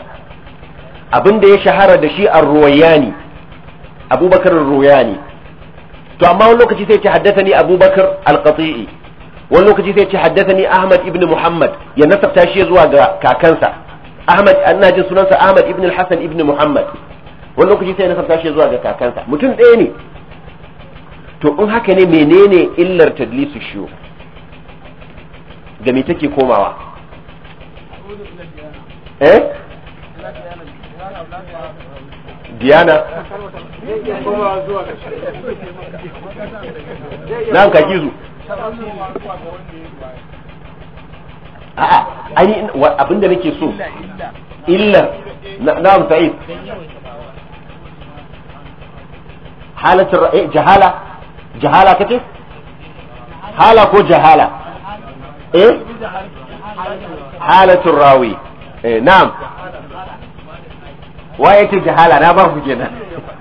abin da ya shahara da shi a ruwayani abubakar ar to amma wani lokaci sai ce ni abubakar al-qati'i wani lokaci sai ce ni ahmad ibn muhammad ya nasabta shi zuwa ga kakansa ahmad ana jin sunansa ahmad ibn Hassan ibn muhammad wani lokaci sai ya nasabta shi zuwa ga kakansa mutum ɗaya ne to in haka ne menene illar tadlisu shiyo ga me take komawa eh diana na ka gizo a'a ai abinda nake so illa na'am sa'id halatar eh jahala jahala kace hala ko jahala eh halatul rawi eh na'am wa yake jahala na ba ku kenan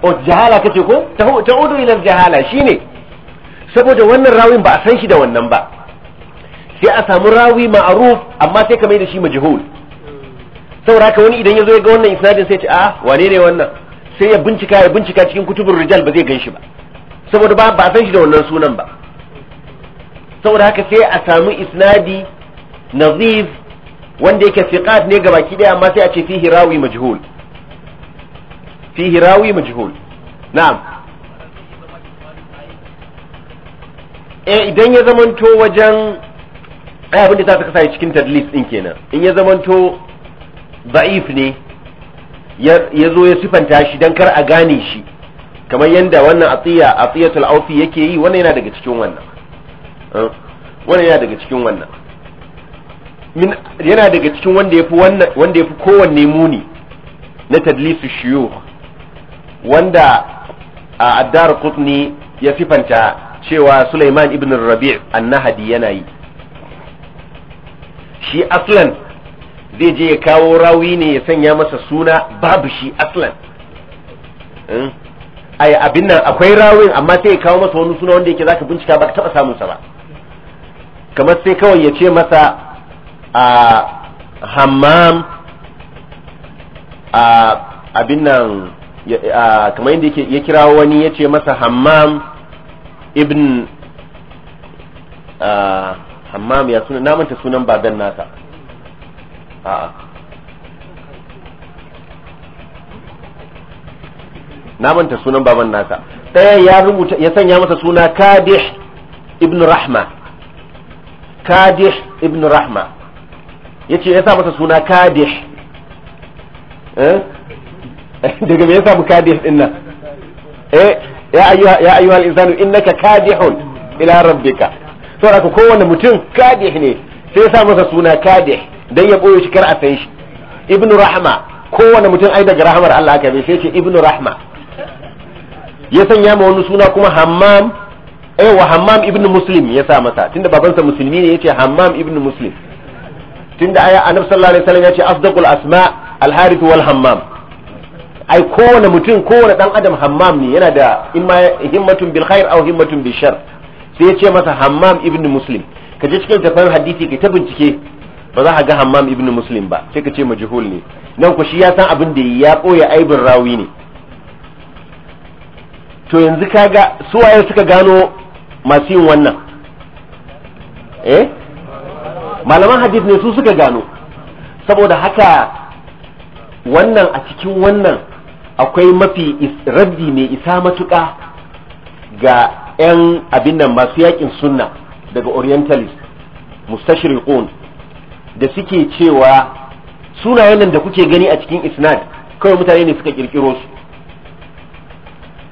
o jahala kace ko ta udu ila jahala shine saboda wannan rawin ba a san shi da wannan ba sai a samu rawi ma'ruf amma sai ka mai da shi majhul saboda haka wani idan yazo ya ga wannan isnadin sai ya ce a wane ne wannan sai ya bincika ya bincika cikin kutubur rijal ba zai ganshi ba saboda ba ba san shi da wannan sunan ba saboda haka sai a samu isnadi nazif wanda yake siqat ne baki daya amma sai a ce fihi rawi majhul fihi rawi majhul na'am eh idan ya zamanto wajen ai abin da za ta kasance cikin tadlis din kenan in ya zamanto da'if ne ya zo ya sifanta shi don kar a gane shi kamar yadda wannan atiya atiyatul aufi yake yi wannan yana daga cikin wannan eh, wannan yana daga cikin wannan yana daga cikin wanda yafi wannan wanda yafi kowanne muni na tadlisu shuyukh wanda a addar kutni ya sifanta cewa Sulaiman ibn Rabi' annahadi yana yi shi aslan zai je ya kawo rawi ne ya sanya masa suna babu shi aslan hmm? ai abin nan akwai rawin amma sai ya kawo masa wani suna wanda yake zaka bincika baka taba samun sa ba kamar sai kawai ya ce masa a hammam a abin nan kamar yadda ya kira wani ya ce masa hammam ibn hammam ya suna namanta sunan baban nasa a namanta sunan baban nasa ɗaya ya rubuta ya sanya masa suna kadih ibn rahma kadih ibn rahma ya ce ya sa masa suna kadih eh? daga me ya samu kadih din nan eh ya ayyuha ya ayyuha al-insanu innaka kadihun ila rabbika saboda ko kowanne mutum kadih ne sai ya sa masa suna kadih dan ya boye shi kar a san shi ibnu rahma kowanne mutum ai daga rahmar Allah aka bi sai ce ibnu rahma ya sanya ma wani suna kuma hammam eh wa hammam ibnu muslim ya sa masa tunda babansa musulmi ne yace hammam ibnu muslim tunda aya annabi sallallahu alaihi wasallam yace afdaqul asma al harith wal hammam ai kowane mutum kowane dan adam hammam ne yana da imma himmatun bil khair aw himmatun bil shar sai ya ce masa hammam ibnu muslim ka je cikin tafan hadisi kai ta bincike ba za ka ga hammam ibnu muslim ba sai ka ce majhul ne nan ku shi ya san abin da ya koya aibin rawi ne to yanzu kaga su waye suka gano masu wannan eh malaman hadith ne su suka gano saboda haka wannan a cikin wannan akwai mafi rabbi mai isa matuƙa ga 'yan abin nan masu yakin sunna daga orientalist ƙun da suke cewa sunayen nan da kuke gani a cikin isnad kawai mutane ne suka kirkiro su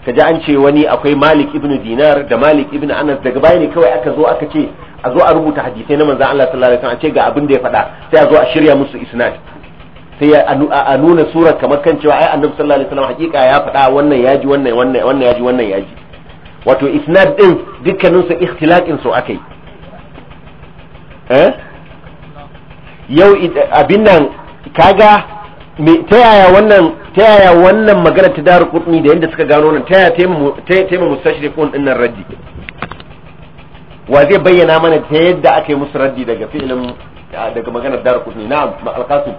kaji ji an ce wani akwai malik ibn dinar da malik ibn anas daga baya ne kawai aka zo aka ce a zo a rubuta hadisai na manzan Allah sallallahu alaihi wasallam a ce ga abin da ya faɗa sai a zo a shirya musu isnad sai a nuna surar kamar kan cewa ai annabi sallallahu alaihi wasallam hakika ya faɗa wannan yaji wannan wannan wannan yaji wannan yaji wato isnad din dukkanin su ikhtilaqin su akai eh yau abin nan kaga me ta yaya wannan ta yaya wannan magana ta daru kudni da yanda suka gano nan ta yaya taimaka mustashriqun din nan raddi wa zai bayyana mana ta yadda aka yi musu raddi daga fi'ilin daga maganar daru kudni na'am alqasim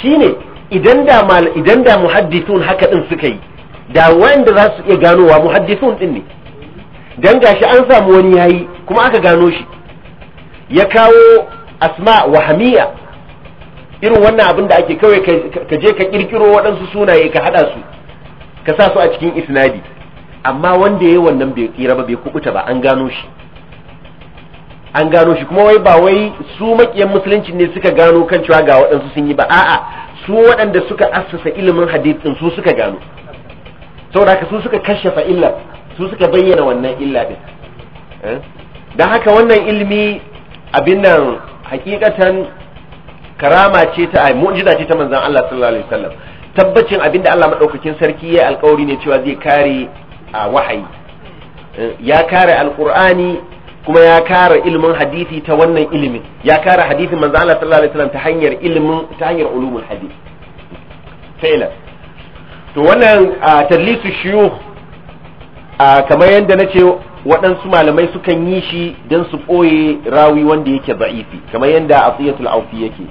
shine idan da mal idan da muhaddithun haka din suka yi da wanda za su iya ganowa muhaddithun din ne dan gashi an samu wani yayi kuma aka gano shi ya kawo asma wahamiya irin wannan abin da ake kawai ka je ka kirkiro waɗansu sunaye ka haɗa su ka sa su a cikin isnadi amma wanda yayi wannan bai tsira ba bai kubuta ba an gano shi an gano shi kuma wai ba wai su makiyan musulunci ne suka gano kan cewa ga waɗansu sun yi ba a'a su waɗanda suka assasa ilimin hadith din su suka gano saboda haka su suka kashafa illa su suka bayyana wannan illa din eh? dan haka wannan ilimi abin nan hakikatan karama ce ta mu'jiza ce ta manzon Allah sallallahu alaihi wasallam tabbacin abin da Allah madaukakin sarki ya alkawari ne cewa zai kare a ah, wahayi eh, ya kare alqur'ani kuma ya kara ilimin hadisi ta wannan ilimin ya kara hadisi manzo Allah sallallahu alaihi wasallam ta hanyar ilimin ta hanyar ulumul hadisi fa'ila to wannan tadlisu shuyukh kamar yadda nace waɗansu malamai sukan yi shi don su ɓoye rawi wanda yake ba'ifi kamar yadda asiyatul aufi yake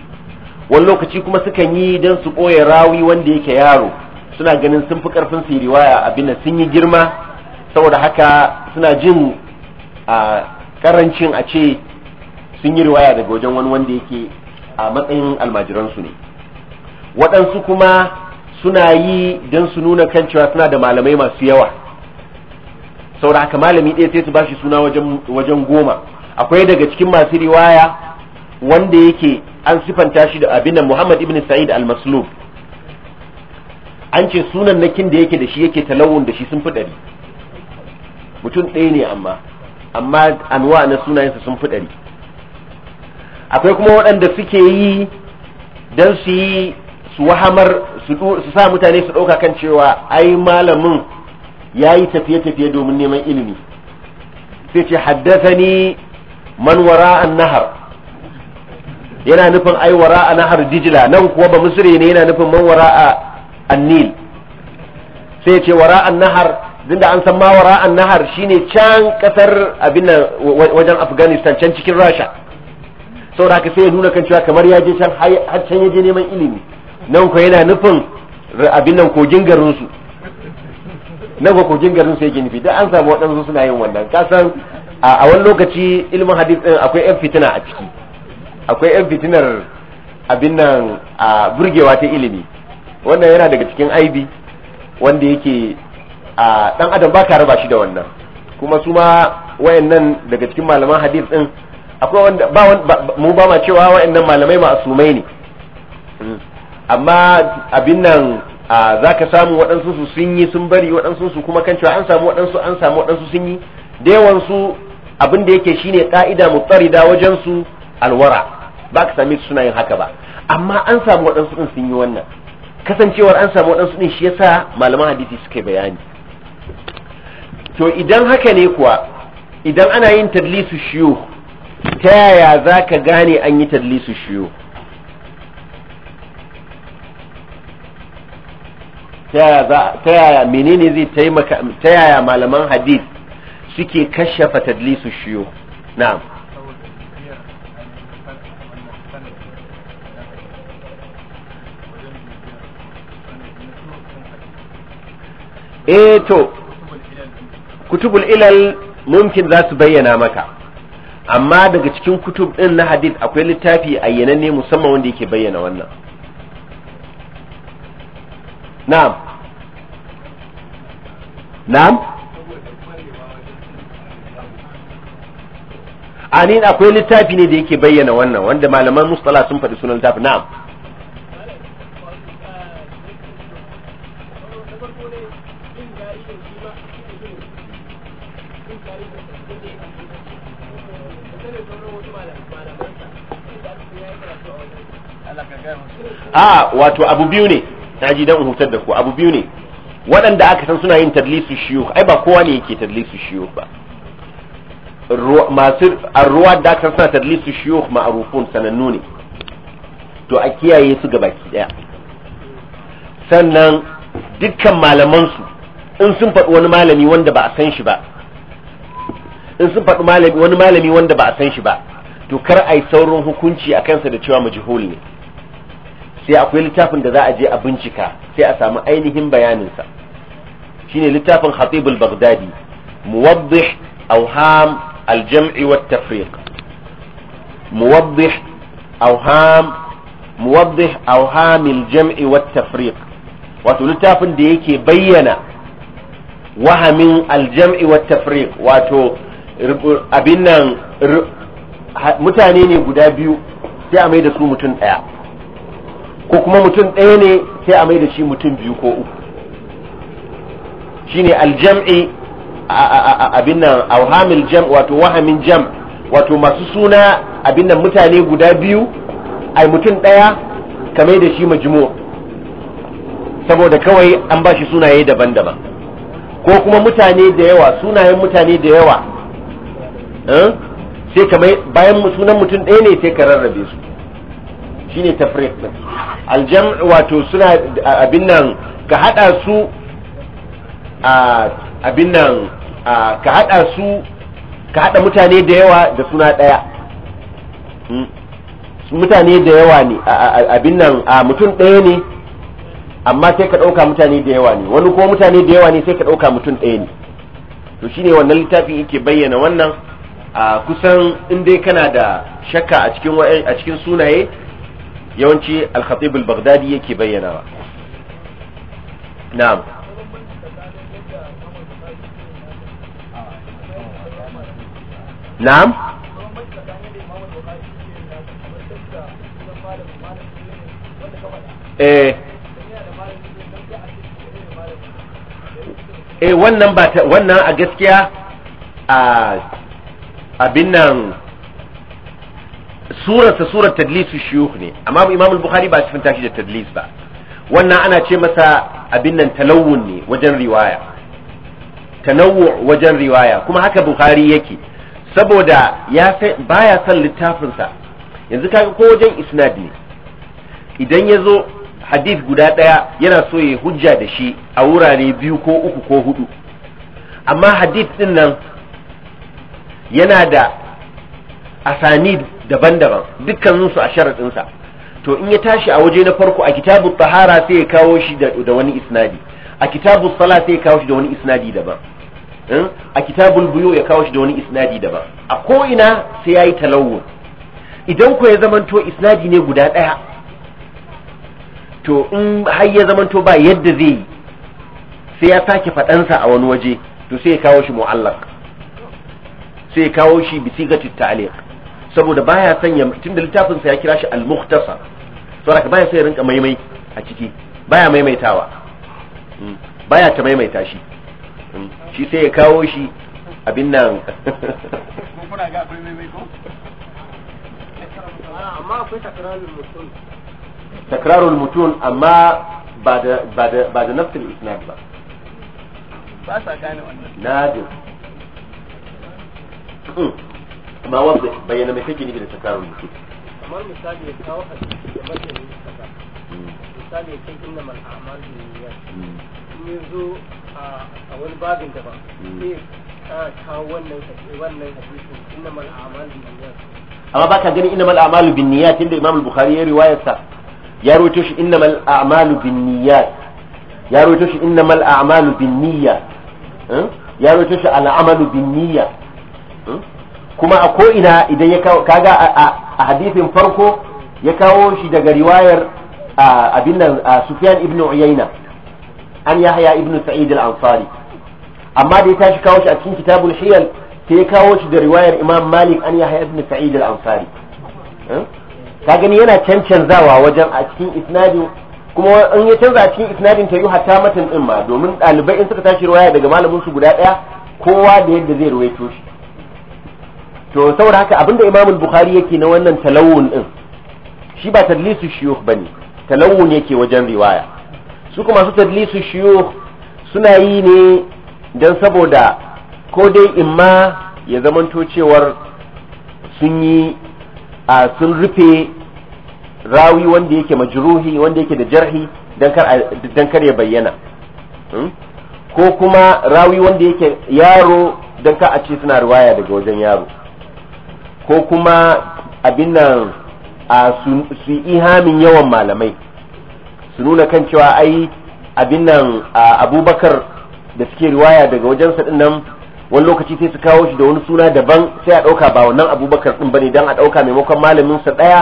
wani lokaci kuma sukan yi don su ɓoye rawi wanda yake yaro suna ganin sun fi ƙarfin su riwaya abin sun yi girma saboda haka suna jin karancin a ce sun yi riwaya daga wajen wani wanda yake a matsayin almajiransu ne waɗansu kuma suna yi don su nuna kan cewa suna da malamai masu yawa saboda haka malami ɗaya sai su ba shi suna wajen goma akwai daga cikin masu riwaya wanda yake an sifanta shi da abin Muhammad ibn Sa'id al-Maslub an ce sunan nakin da yake da shi yake talawun da shi sun fi ɗari mutum ɗaya ne amma amma anwa na sunayensa sun fi ɗari akwai kuma waɗanda suke yi don su yi su wahamar su sa mutane su ɗauka kan cewa ai malamin ya yi tafiye-tafiye domin neman ilimi sai ce ni man wara an nahar yana nufin ai wara a nahar dijila nan kuwa ba musure ne yana nufin man wara a nil sai ce wara an nahar tunda an san mawara an nahar shine can kasar abin nan wajen afghanistan can cikin rasha da haka sai ya nuna kan cewa kamar ya je can har can ya je neman ilimi nan ko yana nufin abin nan kogin garin su nan ko kogin garin su yake nufi da an samu waɗansu suna yin wannan kasan. a wani lokaci ilimin hadith din akwai yan fitina a ciki akwai yan fitinar abin nan a burgewa ta ilimi wannan yana daga cikin aibi wanda yake a dan adam ba ka raba shi da wannan kuma su ma wayannan daga cikin malaman hadith din akwai wanda ba mu ba ma cewa wayannan malamai ma'asumai ne amma abin nan za ka samu waɗansu su sun yi sun bari waɗansu su kuma kan cewa an samu waɗansu an samu waɗansu sun yi da yawan su abin da yake shine ka'ida mutsarida wajen su alwara ba ka same su suna yin haka ba amma an samu waɗansu din sun yi wannan kasancewar an samu waɗansu din shi yasa malaman hadisi suka bayani to idan haka ne kuwa idan ana yin tadlisu shiyu ta yaya za ka gane an yi tadlisu shiyu ta yaya menene zai taimaka ta yaya malaman hadith suke kashafa tadlisu shiyu na'am eh to kutubul ilal mumkin za su bayyana maka amma daga cikin kutub din na hadith akwai littafi ne musamman wanda yake bayyana wannan na'am na'am anin akwai littafi ne da yake bayyana wannan wanda malaman mustala sun faɗi sunan littafi na'am a wato abu biyu ne naji dan hutar da ku abu biyu ne waɗanda aka san suna yin tadlisu shiyu ai ba kowa ne yake tadlisu shiyu ba masu arruwa da aka san suna tadlisu a ma'rufun sanannu ne to a kiyaye su ki daya sannan dukkan malamansu in sun faɗi wani malami wanda ba a san shi ba in sun faɗi wani malami wanda ba a san shi ba to kar yi saurin hukunci a kansa da cewa majhul ne sai akwai littafin da za a je a bincika sai a samu ainihin bayaninsa shine littafin Hatibul Baghdadi muwaddih awham al-jam'i wa tafriq muwaddih awham muwaddih awham al-jam'i wa tafriq wato littafin da yake bayyana wahamin al-jam'i wa tafriq wato abin nan mutane ne guda biyu sai a mai da su mutum daya ko kuma mutum ɗaya ne sai a mai da shi mutum biyu ko uku shine aljam'i abin nan auhamil jam wato wahamin jam wato masu suna abin nan mutane guda biyu ai mutum ɗaya mai da shi majmu saboda kawai an ba shi sunaye daban-daban ko kuma mutane da yawa sunayen mutane da yawa eh, sai kamar bayan sunan mutum ɗaya ne sai ka rarrabe su shine tafriq din aljam wato suna abin nan ka hada su a abin nan ka hada su ka hada mutane da yawa da suna daya hmm. mutane da yawa ne abin nan mutum daya ne amma sai ka dauka mutane da yawa ne wani ko mutane da yawa ne sai ka dauka mutum daya ne to shine wannan littafin yake bayyana wannan a kusan in dai kana da shakka a cikin a cikin sunaye yawanci al-khatib al-baghdadi yake bayyanawa na'am na'am eh eh wannan ba wannan a gaskiya a abin nan surarsa surar tadlisu shuyukh ne amma imam al-bukhari ba cikin tashi da tadlis ba wannan ana ce masa abin nan talawun ne wajen riwaya tanawu wajen riwaya kuma haka bukhari yake saboda ya baya son littafinsa yanzu kaga ko wajen isnad ne idan ya zo hadith guda daya yana so ya hujja da shi a wurare biyu ko uku ko hudu amma hadith din nan yana da asanid daban-daban dukkanin su a sharadin to in ya tashi a waje na farko a kitabu tahara sai ya kawo shi da wani isnadi a kitabu sala sai ya kawo shi da wani isnadi daban hmm? a kitabul buyu ya kawo shi da wani isnadi daban a ko ina sai yayi talawun idan ko ya zamanto isnadi ne guda ɗaya, to in har ya zamanto ba yadda zai yi sai ya sake faɗansa a wani waje to sai ya kawo shi mu'allaq sai ya kawo shi bisigatu ta'liq saboda baya sanya da littafin sa ya kira shi al-mukhtasar saboda baya sai rinka maimai a ciki baya maimaitawa hmm. baya ta maimaita shi hmm. shi sai ya kawo shi abin nan kuna ga akwai maimaito amma akwai takrarul mutun takrarul mutun amma ba da ba da ba da nafsul isnad ba ba sa gane wannan nadir hmm. ma wasu bayyana mai kake nufi da takarun mutu kamar misali ya kawo hadisi da bakin kasa misali ya kai inna mal a'mal binniyat in yazo a wani babin daban mm. sai ka kawo wannan wannan hadisi inna mal a'mal binniyat amma ka gani inna mal a'malu binniyat inda Imam al-Bukhari ya riwayarsa ya rawaito shi inna mal a'malu binniyat ya rawaito shi inna mal a'malu binniyat hmm? ya rawaito shi al-amalu binniyat hmm? kuma a ko ina idan ya kawo kaga a hadifin farko ya kawo shi daga riwayar abin nan Sufyan ibn Uyayna an ya haya ibn Sa'id al-Ansari amma da ya tashi kawo shi a cikin kitabul hiyal sai ya kawo shi da riwayar Imam Malik an ya haya ibn Sa'id al-Ansari eh? ka gani yana cancanzawa wajen a cikin isnadin kuma in ya canza a cikin isnadin ta yi hatta matan din ma domin ɗalibai in suka tashi riwaya daga malamin su guda ɗaya kowa da yadda zai ruwaito shi to saboda haka abinda imamul bukhari yake na wannan talawun din shi ba tadlisu shuyukh bane talawun yake wajen riwaya su kuma su tadlisu shuyukh suna yi ne dan saboda ko dai imma ya zamanto cewar sun yi a sun rufe rawi wanda yake majruhi wanda yake da jarhi dan kar ya bayyana hmm? ko kuma rawi wanda yake yaro dan ka a ce suna riwaya daga wajen yaro ko kuma abin nan a su ihamin yawan malamai su nuna kan cewa ai abin nan abubakar da suke riwaya daga wajensa din nan wani lokaci sai su kawo shi da wani suna daban sai a ɗauka ba wannan abubakar ɗin bane don a ɗauka maimakon malaminsa ɗaya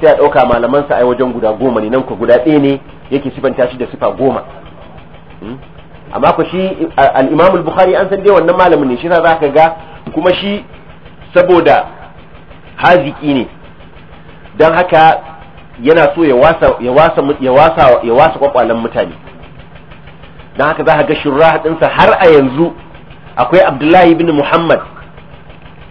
sai a ɗauka malamansa ai wajen guda goma ne nan ku guda ɗaya ne yake sifanta shi da sifa goma hmm? amma ku shi al-imam al-bukhari an san dai wannan malamin ne shi za ka ga kuma shi saboda haziki ne don haka yana so ya wasa ya wasa ya wasa kwakwalen mutane don haka za a ga shurrah ɗinsa har a yanzu akwai abdullahi ibn muhammad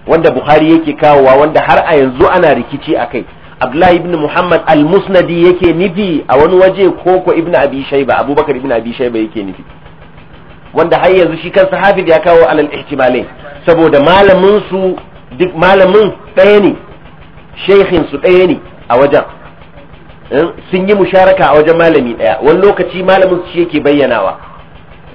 wanda buhari yake kawowa wanda har a yanzu ana rikici a kai abdullahi ibn muhammad al-musnadi yake nufi a wani waje koko ibn abi shaiba abubakar ibn abi shaiba yake nufi wanda har yanzu shi kansa hafid ya kawo alal ihtimalai saboda malamin su duk malamin ɗaya ne sheikhin su ɗaya ne a wajen eh, sun yi musharaka a wajen malami ɗaya wani lokaci malamin su yake bayyanawa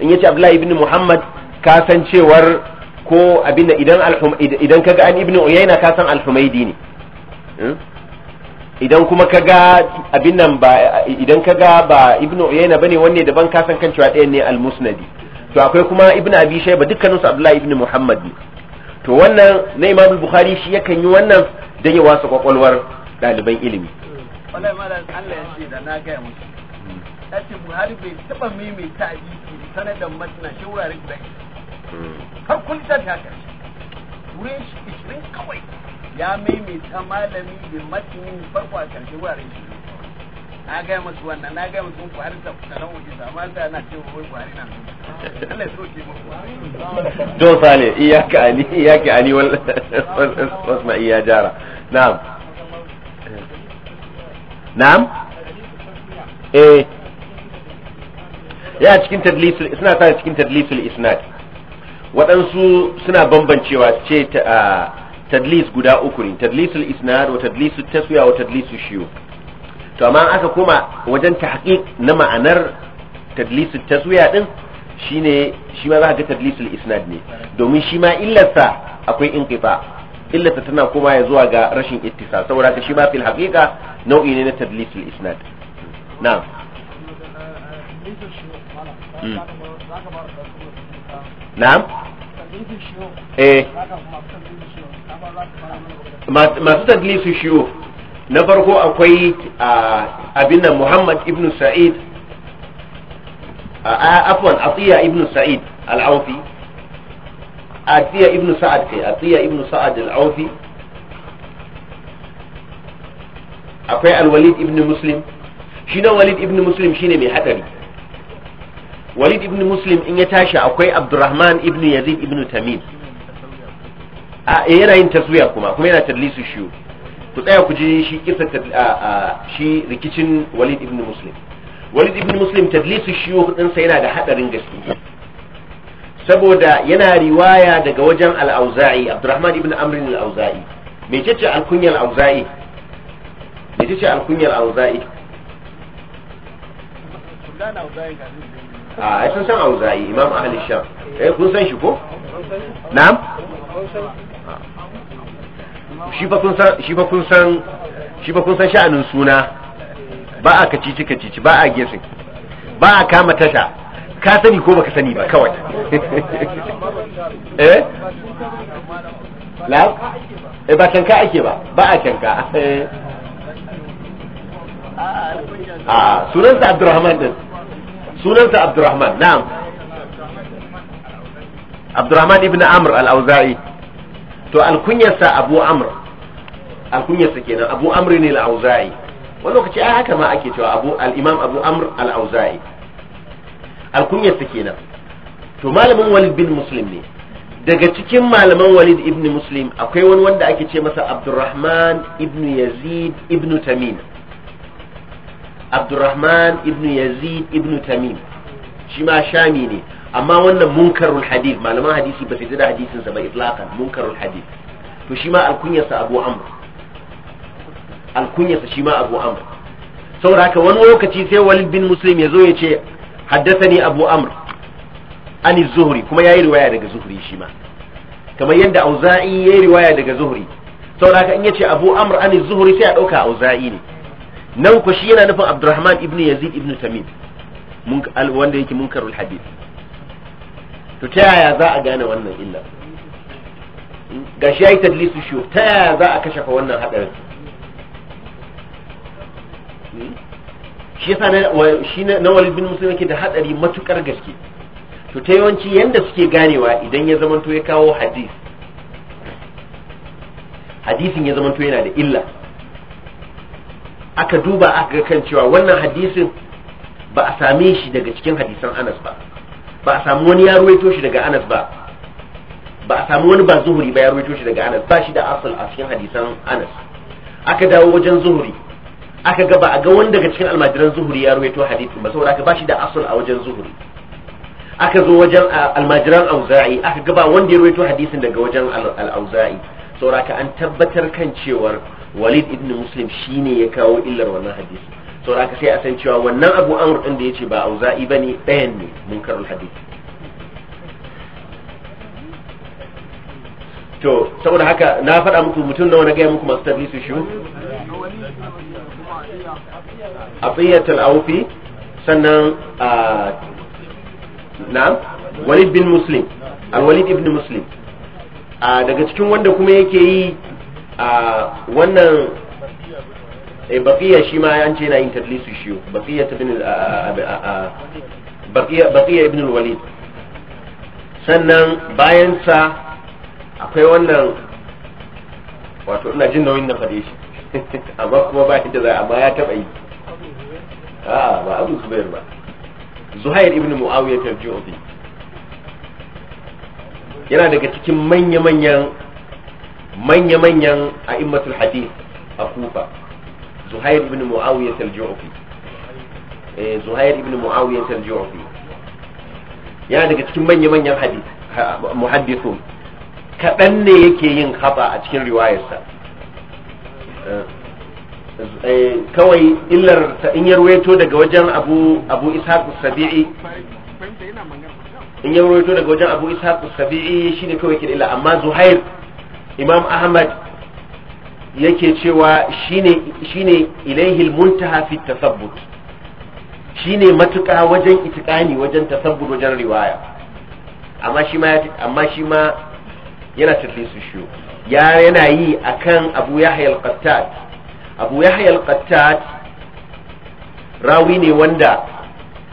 in yace Abdullahi ibn Muhammad ka san cewar ko abinda idan idan kaga an ibn Uyayna ka san al-Humaydi ne eh, idan kuma kaga abin nan ba idan kaga ba ibn Uyayna bane wanne daban ka san kan cewa ɗayan ne al-Musnadi to akwai kuma ibn Abi Shayba dukkanin su Abdullahi ibn Muhammad ne to wannan na imam bukhari shi yakan yi wannan don ya wasa kwakwalwar ɗaliban ilimi wallahi malam Allah ya ce da na gaya musu ya ce buhari bai taɓa maimaita a jiki sanar da shi wurare guda hmm. har kun ta ta wurin shi ishirin kawai ya maimaita malami da matinin farko a ƙarshe wurare shi na gaya musu wannan na gaya musu har da kusalan waje da amma da na ce wai buhari na Allah so ke muku to sale iyaka ali iyaka ali wal wasma iya jara na'am na'am eh ya cikin tadlisul suna sa cikin tadlisul isnad waɗansu suna bambancewa ce ta ah, tadlis guda uku ne tadlisul isnad wa tadlisul taswiya wa tadlisul shiyukh to amma aka koma wajen tahqiq na ma'anar tadlisul taswiya din shine shi ma za ka ga tadlisul isnad ne domin shi ma illarsa akwai inqifa illata tana koma ya zuwa ga rashin ittisa saboda ka shi ma fil haqiqa nau'i ne na tadlisul isnad na'am hmm. na'am eh masu tadlisul shuyukh na farko akwai abin nan muhammad ibn sa'id afwan atiya ibn sa'id al-aufi atiya ibn sa'ad kai atiya ibn sa'ad al-aufi akwai al-walid ibn muslim shi na walid ibn muslim shine mai hadari walid ibn muslim in ya tashi akwai abdurrahman ibn yazid ibn tamim a eh, yana yin taswiya kuma kuma yana tadlisu shiyu ku tsaya ku ji shi kisa shi rikicin walid ibn muslim walid ibn muslim tadlisu shiyukh din sa yana da hadarin gaske saboda yana riwaya daga wajen al-auza'i abdurrahman ibn amr al-auza'i me tace al-kunya al-auza'i me tace al-kunya al-auza'i a ai sun san auza'i imam ahli sham eh kun san shi ko na'am shi fa kun san shi fa kun san shi fa kun san sha'anin suna ba a kacici kacici ba a gesin ba a kama tasha ka sani ko baka sani ba kawai eh la eh ba canka ake ba ba a canka a ah, sunansa abdurrahman din sa abdurrahman na'am abdurrahman ibn amr al awzai to alkunyarsa abu amr alkunyarsa kenan abu amr ne al-auza'i wani lokaci ai haka ma ake cewa abu al-imam abu amr al-auza'i alkunyarsa kenan to malamin walid bin muslim ne daga cikin malaman walid ibn muslim akwai wani wanda ake ce masa abdurrahman ibn yazid ibn tamim abdurrahman ibn yazid ibn tamim shi ma shami ne amma wannan munkarul hadith malaman hadisi ba su da hadisin sa ba itlaqan munkarul hadith to shi ma alkunyar Abu Amr alkunyar shi ma Abu Amr saboda haka wani lokaci sai Walid bin Muslim ya zo ya ce haddathani Abu Amr ani Zuhri kuma yayi riwaya daga Zuhri shi ma kamar yadda Auza'i yayi riwaya daga Zuhri saboda haka in yace Abu Amr ani Zuhri sai a dauka Auza'i ne nan ku shi yana nufin Abdurrahman ibnu Yazid ibnu Tamim wanda yake munkarul hadith to ta yaya za a gane wannan illa ga shi yayi tadlisu shu ta yaya za a kashe wannan hadarin shi yasa na shi na walibin bin yake da hadari matukar gaske to ta yawanci yanda suke ganewa idan ya zamanto ya kawo hadis hadisin ya zamanto yana da illa aka duba aka ga kan cewa wannan hadisin ba a same shi daga cikin hadisan Anas ba ba a samu wani ya ruwaito shi daga Anas ba ba a samu wani ba zuhuri ba ya ruwaito shi daga Anas ba shi da asal a cikin hadisan Anas aka dawo wajen zuhuri aka ga ba a ga wani daga cikin almajiran zuhuri ya ruwaito hadisin ba saboda aka ba shi da asal a wajen zuhuri aka zo wajen almajiran auza'i aka ga ba wanda ya ruwaito hadisin daga wajen al-auza'i saboda aka an tabbatar kan cewar Walid ibn Muslim shine ya kawo illar wannan hadisin to da sai a san cewa wannan abu amr din da yace ba auza'i bane ɗayan ne munkarul hadith to saboda haka na faɗa muku mutum nawa na gaya muku masu tablisu shi afiyatul awfi sannan a na walid bin muslim al-walid ibn muslim daga cikin wanda kuma yake yi a wannan eh baqiya shi ma an ce yana yin tadlisu shiyu baqiya ibn baqiya baqiya ibn al walid sannan bayan sa akwai wannan wato ina jin nauyin na fade shi amma kuma ba inda za amma ya taba yi a'a ba abu zubair ba zuhair ibn muawiya tarjuhi yana daga cikin manya-manyan manya-manyan a'immatul hadith a kufa zuhair ibn muawiyah al-ju'fi eh zuhair ibn yana daga cikin manya manyan hadith kaɗan ne yake yin haɓa a cikin riwayarsa eh, eh, kawai illar ta in ya daga wajen abu abu ishaq sabi'i in ya daga wajen abu ishaq sabi'i shine kawai ke illa amma zuhair imam ahmad yake cewa shine shine ilaihil muntaha fi tasabbut shine matuƙa wajen itikani wajen tasabbut wajen riwaya amma shi ma amma shi ma yana tadlisu shi ya yana yi akan Abu Yahya al-Qattat Abu Yahya al-Qattat rawi ne wanda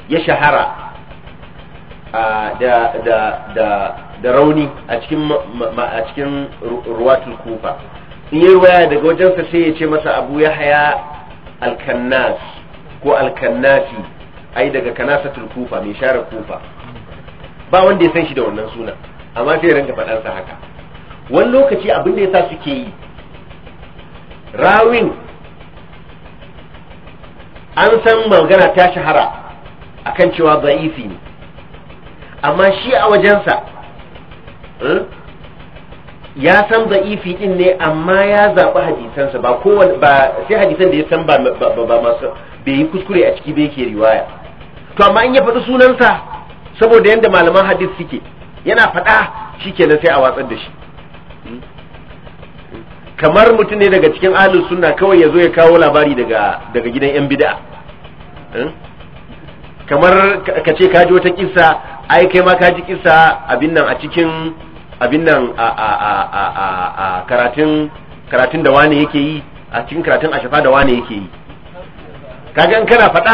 ya shahara da rauni a cikin a cikin ruwatul kufa in yi waya daga wajensa sai ya ce masa abu ya haya alkanas ko a ai daga kanasa kufa mai share kufa ba wanda ya san shi da wannan suna amma sai rinka faɗarsa haka wani lokaci abin da ya sa suke yi rawin an san magana ta shahara akan cewa ba'ifi ne amma shi a wajensa hmm, ya san da'ifi din ne amma ya zaɓi hadisansa ba kowane ba sai hadisan da ya san ba masu bai yi kuskure a ciki bai ke riwaya to amma in ya faɗi sunansa saboda yadda malaman hadis suke yana faɗa shikenan sai a watsar da shi kamar mutum ne daga cikin ahlus sunna kawai ya zo ya kawo labari daga daga gidan yan bid'a hmm? kamar ka ce ka ji wata kisa, ai kai ma ka ji kissa abin nan a cikin abin nan a a a a a karatun karatun da wane yake yi a cikin karatun ashafa da wane yake yi kaga in kana faɗa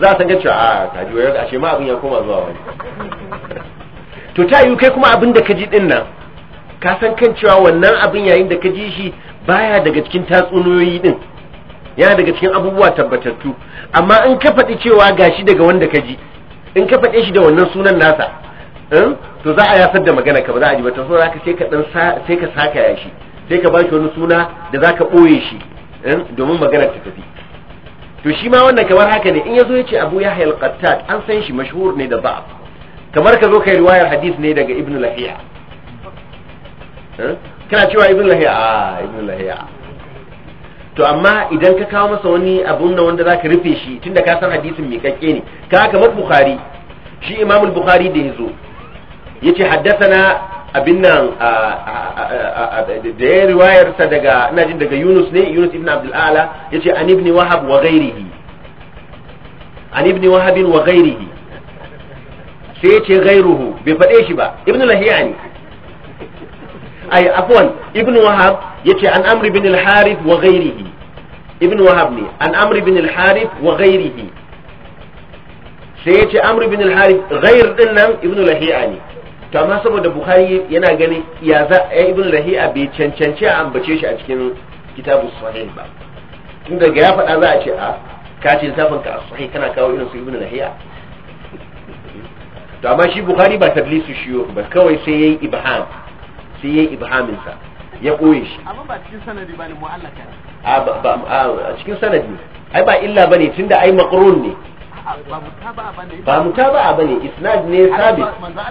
za a san cewa a kaji wayar ashe ma abin ya koma zuwa wani to ta yi kai kuma abin da ka ji din nan ka san kan cewa wannan abin yayin da ka ji shi baya daga cikin tatsuniyoyi din yana daga cikin abubuwa tabbatattu amma in ka faɗi cewa gashi daga wanda ka ji in ka faɗe shi da wannan sunan nasa Eh? to za a yasar da magana ka ba za a ji ba to so zaka sai ka dan sai ka saka ya shi sai ka bashi wani suna da zaka boye shi eh? domin magana ta tafi to shi ma wannan kamar haka ne in yazo yace Abu Yahya al-Qattat an san shi mashhur ne da ba kamar ka zo kai riwayar hadith ne daga Ibn Lahiya eh? kana cewa Ibn Lahiya a ah, Ibn Lahiya to amma idan ka kawo masa wani abun na wanda zaka rufe shi tunda ka san hadisin mikakke ne ka kamar Bukhari shi Imam al-Bukhari da yazo yace haddathana abin nan da ya riwayar sa daga ina jin daga Yunus ne Yunus ibn Abdul Ala yace an ibn Wahab wa ghairihi an ibn Wahab wa ghairihi sai yace ghairuhu bai fade shi ba ibn Lahiya ne ai afwan ibn Wahab yace an Amr ibn al-Harith wa ghairihi ibn Wahab ne an Amr ibn al-Harith wa ghairihi sai yace Amr ibn al-Harith ghair din nan ibn Lahiya ne to amma saboda bukhari yana gani ya za a ibn rahi'a bai cancanci a ambace shi a cikin kitabu sahih ba tun ga ya faɗa za a ce a ka ce zafin ka sahih kana kawo irin su ibn rahi'a to amma shi bukhari ba tadlisu yo, ba kawai sai yayi ibham sai yayi ibhamin sa ya koye shi amma ba cikin sanadi ba ne mu'allaka a ba a cikin sanadi ai ba illa bane tunda ai maqrun ne ba mutaba'a bane isnad ne sabit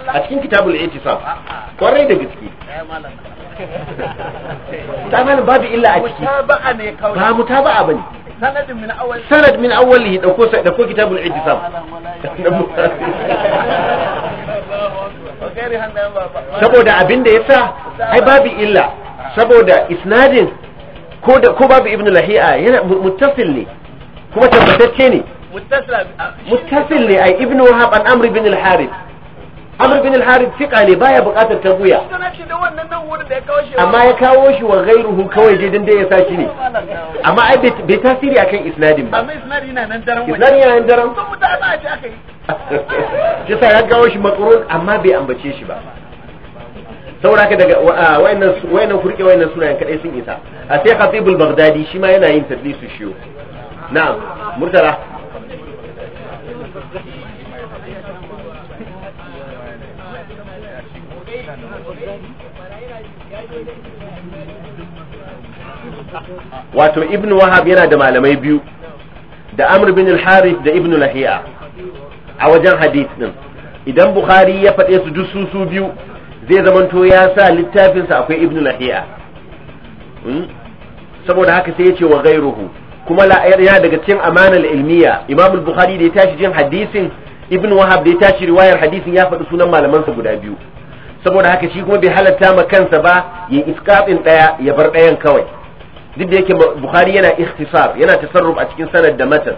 a cikin kitabul itisab kwarai da gaske ta malam babu illa a ciki ba mutaba'a bane sanad min awwal sanad min awwalihi dauko dauko kitabul itisab saboda abin da yasa ai babu illa saboda isnadin ko da ko babu ibnu lahi'a yana muttasil ne kuma tabbatacce ne muttasil ne ai ibnu wahab an amr bin al ne baya buƙatar tabuya amma ya kawo shi kawai je din da ya akan isnadin ba ya ba daga wayannan wayannan furke wayannan sunayen kadai sun isa a sai khatibul baghdadi shi ma yana yin tadlisu shiyo na'am murtala wato ibn wahab yana da malamai biyu da amr bin al-harith da ibn lahiya a wajen hadith din idan bukhari ya faɗe su duk su biyu zai zamanto ya sa littafinsa akwai ibn lahiya hmm? saboda haka sai ya ce wa gairuhu kuma yana daga cikin amanar ilmiya imam bukhari da ya tashi jin hadisin ibn wahab da ya tashi riwayar hadisin ya faɗi sunan malamansa guda biyu saboda haka shi kuma bai halatta ma kansa ba ya iskafin daya ya bar dayan kawai duk da yake bukhari yana ikhtisab yana tasarruf a cikin sanad da matan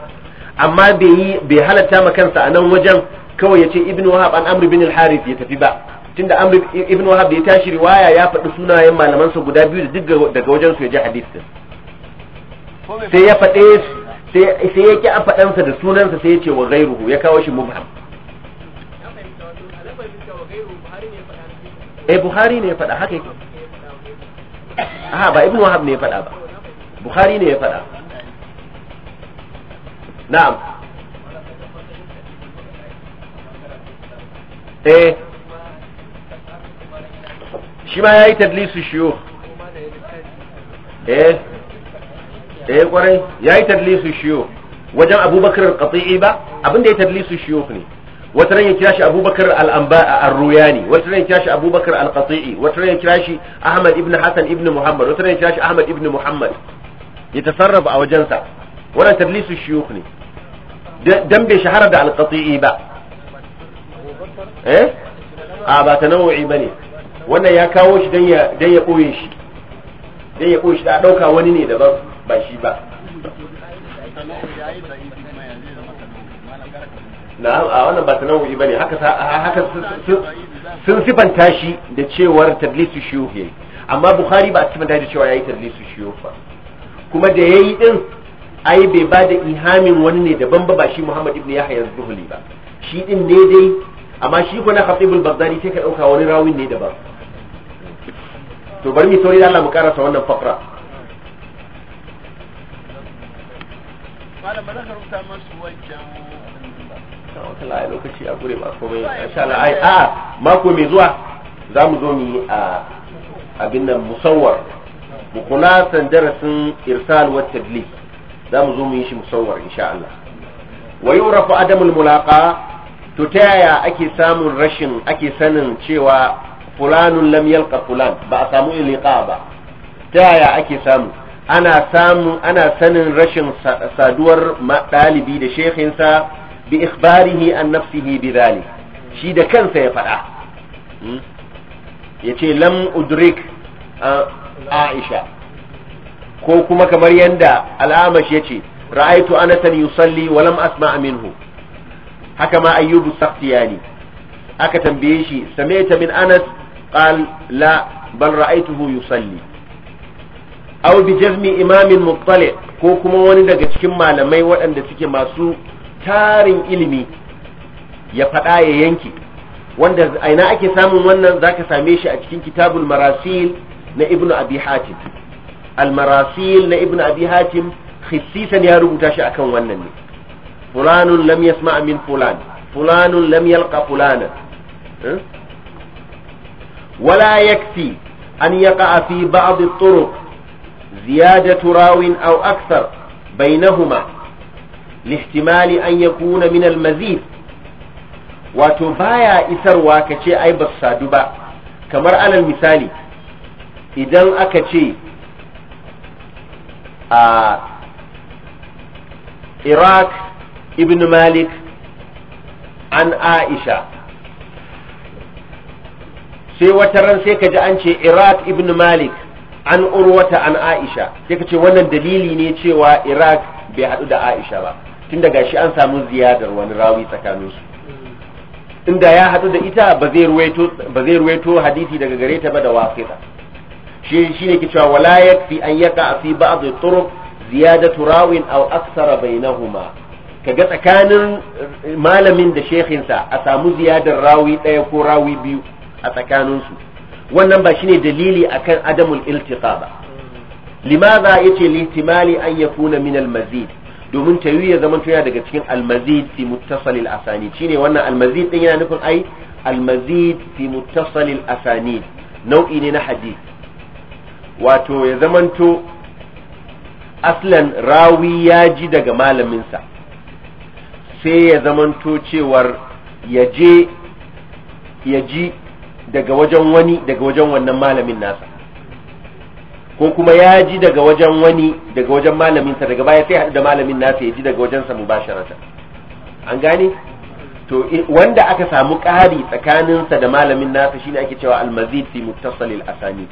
amma bai bai halatta ma kansa a nan wajen kawai ya ce ibn wahab an amr bin al-harith ya tafi ba tunda amr ibn wahab ya tashi riwaya ya faɗi sunayen malaman sa guda biyu da duk daga wajen su ya ji hadith sai ya faɗe sai ya ki a faɗansa da sunansa sai ya ce wa ghairuhu ya kawo shi mubham eh bukhari ne ya faɗa haka yake aha ba ibnu wahab ne ya faɗa ba bukhari ne ya faɗa na'am eh shi ma yayi tadlisu shuyukh eh eh kwarai yayi tadlisu shuyukh wajen abubakar qati'i ba abinda ya tadlisu shuyukh ne wata ran ya kira shi abubakar al-ruyani wata ran ya kira shi abubakar al-qati'i wata ran ya kira shi ahmad ibn hasan ibn muhammad wata ran ya kira shi ahmad ibn muhammad ya tasarrafa a wajensa wannan tadlisu shuyukh ne dan bai shahara da al-qati'i ba eh a ba tanawu'i bane wannan ya kawo shi dan ya koye shi dan ya koye shi da ɗauka wani ne daban ba shi ba na a wannan ba ta tanawu'i bane haka haka sun sifanta shi da cewar tadlisu shuyukh yayi amma bukhari ba a sifanta da cewa yayi tadlisu shuyukh kuma da yayi din ai bai ba da ihamin wani ne daban ba ba shi Muhammad ibnu Yahya az-Zuhli ba shi din ne dai amma shi ko na Khatib al-Baghdadi sai ka dauka wani rawin ne daban to bari mu da Allah mu karasa wannan fakra malam ba za ka rubuta kala ya lokaci a gure ba komai insha Allah ai a mako mai zuwa za mu zo mu yi a abin nan mu kula san darasin irsal wa tadlis za mu zo mu yi shi musawar insha Allah wa yurafu adamul mulaqa to ta yaya ake samun rashin ake sanin cewa fulanun lam yalqa fulan ba a samu iliqa ba ta yaya ake samu ana samu ana sanin rashin saduwar ɗalibi da shekinsa bi ikhbarihi an nafsihi bi dhalik shi da kansa ya faɗa hmm? yace lam udrik aisha ko kuma kamar yanda al'amash yace ra'aytu anatan yusalli wa lam asma' minhu haka ma ayyubu saqtiyani aka tambaye shi sami'ta min anas qal la bal ra'aytuhu yusalli aw bi jazmi imamin muttali ko kuma wani daga cikin malamai waɗanda suke masu tarin ilimi ya faɗa ya yanke wanda aina ake samun wannan zaka same shi a cikin kitabul marasil na ibnu abi hatim al marasil na ibnu abi hatim khissisan ya rubuta shi akan wannan ne fulanun lam yasma min fulan fulanun lam yalqa fulana ولا يكفي أن يقع في بعض الطرق زيادة راو أو أكثر بينهما lihtimali an yakuna min minal mazid wato baya isarwa kace ce ai ba sadu ba kamar alal misali idan aka ce a iraq ibn malik an aisha sai wata ran sai ka ji an ce iraq ibn malik an urwata an aisha sai ka ce wannan dalili ne cewa iraq bai hadu da aisha ba tun daga shi an samu ziyadar wani rawi tsakanin inda ya haɗu da ita ba zai ruwaito hadisi daga gare ta ba da wasiƙa shi ne ke cewa wala yakfi an yaka fi ba'd turu ziyadatu rawin aw akthara bainahuma kaga tsakanin malamin da sa a samu ziyadar rawi ɗaya ko rawi biyu a tsakaninsu wannan ba shine dalili akan adamul iltiqa ba limaza yace litimali an yakuna min al mazid domin tawi ya zama tuya daga cikin almazid fi muttasalil asani shine wannan almazid din yana nufin ai almazid fi muttasalil asani nau'i ne na hadith wato ya zamanto aslan rawi ya ji daga malaminsa sai ya zamanto cewar ya je ya ji daga wajen wani daga wajen wannan malamin nasa ko kuma ya ji daga wajen wani daga wajen malaminsa daga baya sai haɗu da malamin nasa ya ji daga wajensa mubasharata an gane to wanda aka samu ƙari tsakaninsa da malamin nasa shine ake cewa almazid fi muttasalil asani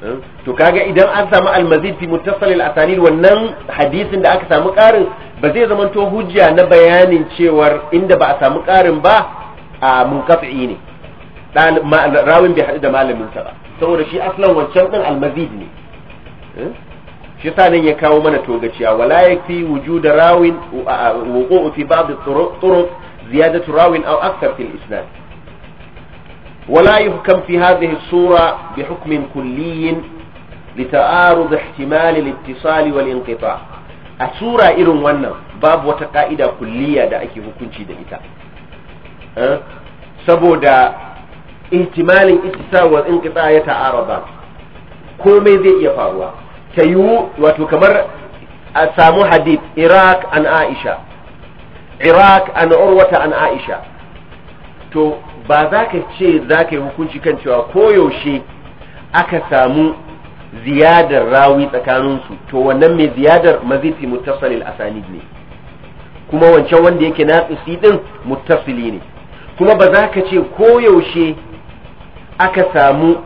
hmm? to kaga idan an samu almazid fi muttasalil asani wannan hadisin da aka samu ƙarin ba zai zama to hujja na bayanin cewar inda ba a samu ƙarin ba a munqati ne rawin bai haɗu da malamin sa ba saboda shi aslan wancan din almazid ne eh? shi sa nan ya kawo mana togaciya wala yakfi wujuda rawin wuqu'u fi ba'd turuq ziyadatu rawin aw akthar fil isnad ولا يحكم في هذه الصورة بحكم كلي لتعارض احتمال الاتصال والانقطاع الصورة إرن ونن باب وتقائد كلية دا أكي da دا إتا أه؟ سبو دا ihtimalin ittisal wal inqita ya ta'arada komai zai iya faruwa ta yiwu wato kamar a samu hadith iraq an aisha iraq an urwata an aisha to ba za ka ce za ka yi hukunci kan cewa koyaushe aka samu ziyadar rawi tsakanin su to wannan mai ziyadar mazifi muttasalil asanid ne kuma wancan wanda yake naƙisi din muttasili ne kuma ba za ka ce koyaushe aka samu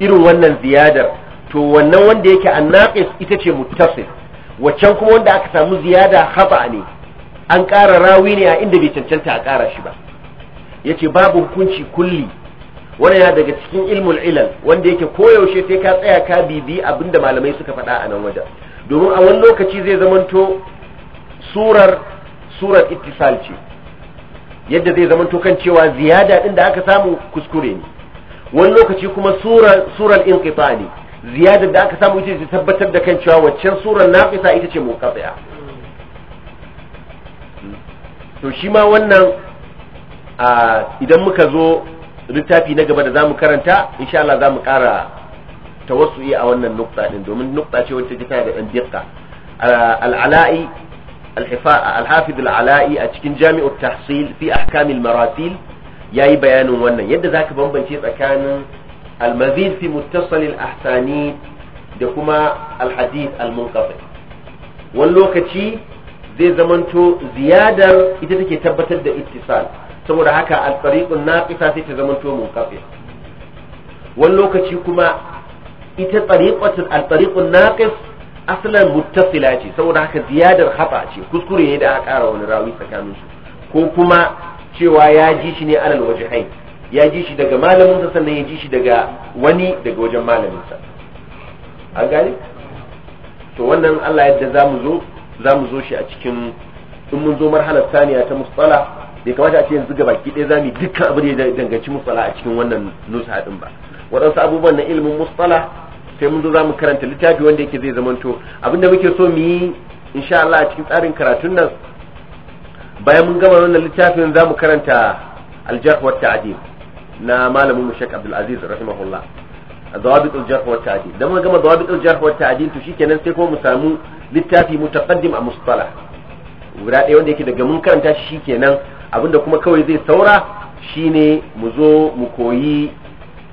irin wannan ziyadar to wannan wanda yake annaqis ita ce muttasil waccan kuma wanda aka samu ziyada haba ne an ƙara rawi ne a inda bai cancanta a ƙara shi ba yace babu hukunci kulli wannan yana daga cikin ilmul ilal wanda yake koyaushe sai ka tsaya ka bibi abinda malamai suka faɗa a nan wajen domin a wani lokaci zai zamanto surar surar ittisal ce yadda zai zamanto kan cewa ziyada ɗin da aka samu kuskure ne wani lokaci kuma surar kifa ne ziyada da aka samu ita ce tabbatar da kan cewa waccan surar naqisa ita ce munqati'a to shi ma wannan idan muka zo littafi na gaba da zamu karanta insha Allah zamu ƙara tawassu'i a wannan nukta din domin nukta ce wacce tana da dan diqqa al-ala'i al-hafiz al-ala'i a cikin jami'ut tahsil fi ahkamil maratil Ya yi bayanin wannan yadda za ka bambance tsakanin almazid fi muttasil ahsani da kuma alhadis almunkafi wani lokaci zai zamanto ziyadar ita take tabbatar da ittisal saboda haka al-tariqun naqisa sai ta zamanto munkafi wani lokaci kuma ita tariqatul al-tariqun naqis asalan muttasila ce saboda haka ziyadar haba ce kuskure ne da aka ƙara wani rawi tsakanin ko kuma cewa ya ji shi ne alal hain. ya ji shi daga malaminsa sannan ya ji shi daga wani daga wajen malaminsa an gane to wannan Allah yadda za mu zo za mu zo shi a cikin in mun zo marhalar saniya ta musala bai kamata a ce yanzu baki ɗaya za mu dukkan abu da danganci musala a cikin wannan nusa din ba waɗansu abubuwan na ilimin musala sai mun zo za mu karanta littafi wanda yake zai zamanto abinda muke so mu yi insha Allah a cikin tsarin karatun nan bayan mun gama wannan littafin za mu karanta aljarh wa ta'dil na malamin mu Sheikh Abdul Aziz rahimahullah ضوابط wa ta'dil da mun gama ضوابط wa ta'dil to shikenan sai kuma mu samu littafi mutaqaddim a mustalah guda ɗaya wanda yake daga mun karanta shi shikenan abinda kuma kawai zai saura shine mu zo mu koyi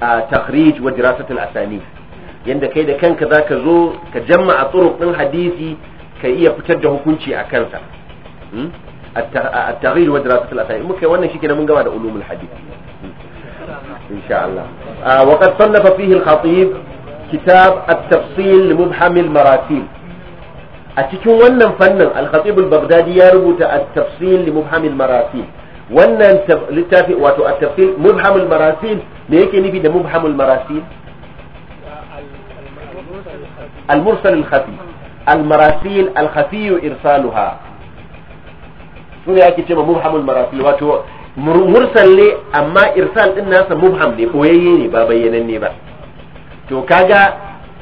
a takhrij wa dirasatul asani yanda kai da kanka zaka zo ka jama'a a din hadisi ka iya fitar da hukunci a kansa hmm? التغيير ودراسة الأسانيد ممكن وانا شكنا من قبل علوم الحديث إن شاء الله آه، وقد صنف فيه الخطيب كتاب التفصيل لمبحم المراتب أتكون وانا فنن الخطيب البغدادي يربط التفصيل لمبحم المراتب وانا littafi واتو التفصيل مبحم mubhamul marasil me ده مبحم da المرسل الخفي المراسيل الخفي إرسالها su ne ake cewa mubhamul marasil wato mursal ne amma irsal din nasa mubham ne boyayye ne ba bayyananne ba to kaga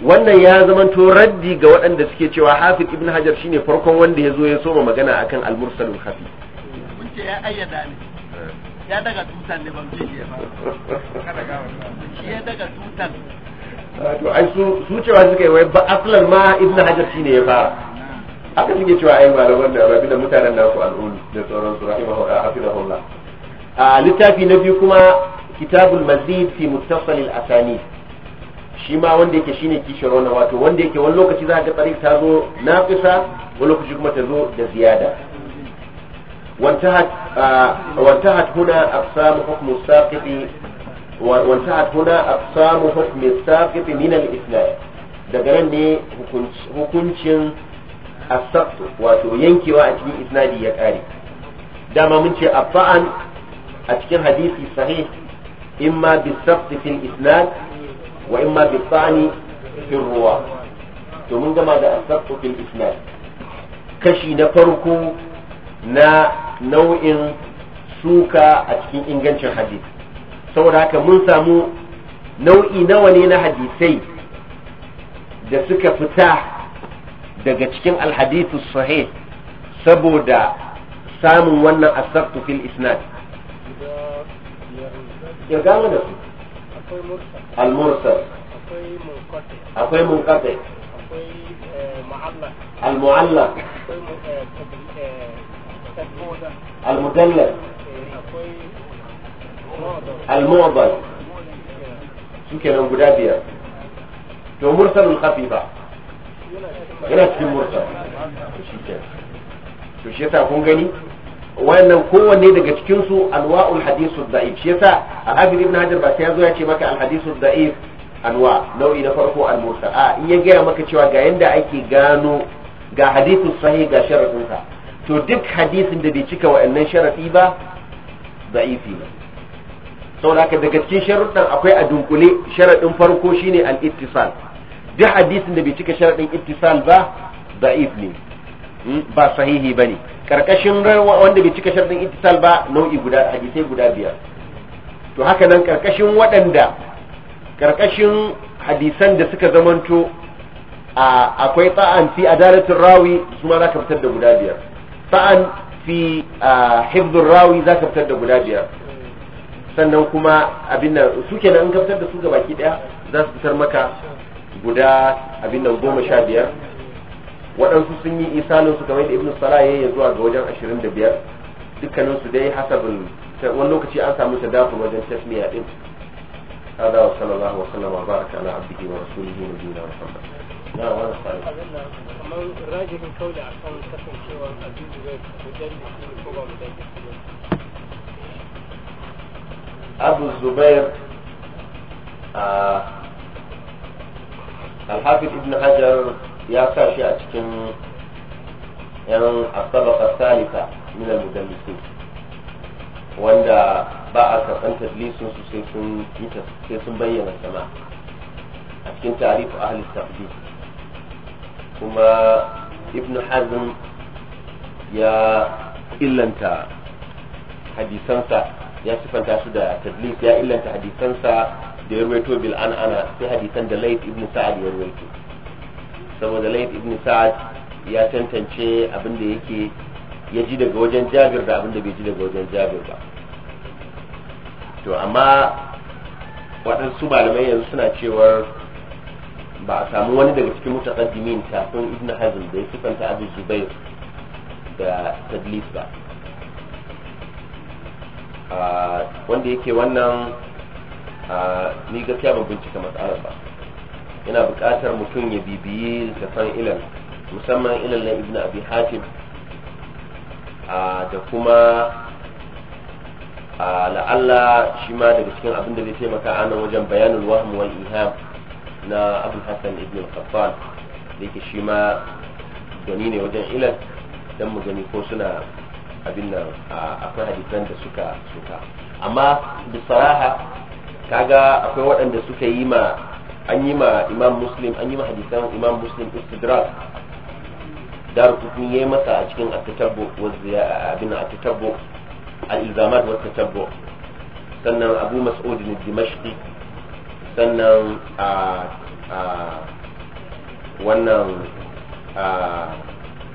wannan ya zama to raddi ga waɗanda suke cewa hafiz ibn hajar shine farkon wanda ya zo ya soma magana akan al mursalul khafi mun ce ya ayyada ne ya daga tutan ne ban ce ba kada ga wannan ya daga tutan to ai su su cewa suka yi wai ba aslan ma ibn hajar shine ya fara haka suke cewa ai malaman da rabi da mutanen nasu al'ul da tsoron su rahimahullah a a littafi na biyu kuma kitabul mazid fi muttasalil asani shi ma wanda yake shine kishirona wato wanda yake wani lokaci za ka tsari ta zo naqisa wani lokaci kuma ta zo da ziyada وانتهت آه وانتهت هنا أقسام حكم الساقط وانتهت هنا أقسام حكم الساقط من الإثنان دقرني هكونشن asabtu wato yankewa a cikin isnadi ya kare dama mun ce afa'an a cikin hadisi sahih imma bi sabti fil isnad wa imma bi sani fil ruwa to mun gama da asabtu fil isnad kashi na farko na nau'in suka a cikin ingancin hadisi saboda haka mun samu nau'i nawa ne na hadisai da suka fita daga cikin alhadithu sahih saboda samun wannan asabtu fil isnad ya gano da su al-mursal akwai munqati akwai mu'allaq eh, al-mu'allaq eh, al-mudallal eh, al-mu'dal su kenan guda biyar to mursalul khafifa yana cikin murta shi yasa kun gani wannan kowanne daga cikin su anwa'ul hadithu da'if shi yasa al-hafiz ibn hajar ba sai ya ya ce maka al-hadithu da'if anwa nau'i na farko al-mursal a in ya gaya maka cewa ga yanda ake gano ga hadithu sahih ga sharadin sa to duk hadisin da bai cika wa'annan sharafi ba da'ifi ne saboda haka daga cikin sharuɗan akwai a dunkule sharaɗin farko shine al-ittisal duk hadisin da bai cika sharadin ittisal ba da'if ne hmm? ba sahihi bane karkashin wanda bai cika sharadin ittisal ba nau'i guda hadisai guda biyar to haka nan karkashin waɗanda karkashin hadisan da suka zamanto akwai ta'an fi adalatin rawi su ma za ka fitar da guda biyar ta'an fi hifdun rawi za ka fitar da guda biyar sannan kuma abin nan su kenan in ka fitar da su gabaki daya za su fitar maka guda abin nan goma sha biyar waɗansu sun yi isanin su kamar da ibn salah ya zuwa ga wajen ashirin da biyar dukkanin su dai hasabin wani lokaci an samu dafa wajen tasmiya din هذا wa الله وسلم alhafiz ibn hajar ya sa shi a cikin yan asabaka salisa min al-mudallisin wanda ba a karɓar tadlisin su sai sai sun bayyana sama a cikin tarifu ahli tafdi kuma ibn hazm ya illanta hadisansa ya su da tadlis ya illanta hadisansa da ya rawaito bil an ana sai hadisan da Layth ibn Sa'ad ya rawaito saboda Layth ibn Sa'ad ya tantance abin da yake ya ji daga wajen Jabir da abin da bai ji daga wajen Jabir ba to amma waɗansu malamai yanzu suna cewar ba a samu wani daga cikin mutaqaddimin kafin Ibn Hazm da ya sifanta Abu Zubair da tadlis ba ah, wanda yake wannan ni gaskiya ban bincika matsalar ba yana buƙatar mutum ya bibiyi san ilal musamman ilal na ibn abi hatim da kuma la'alla shi ma daga cikin abin da zai taimaka a nan wajen bayanin wahm wal iham na abin hassan ibn al da yake shi ma gani ne wajen ilal dan mu gani ko suna abin nan akwai hadisan da suka suka amma bisaraha kaga akwai waɗanda suka yi ma an yi ma imam muslim an yi ma hadisan imam muslim istidrak dar kutun yayi masa a cikin at-tatabbu wa abin at-tatabbu al-ilzamat wa at-tatabbu sannan abu mas'ud al-dimashqi sannan a a wannan a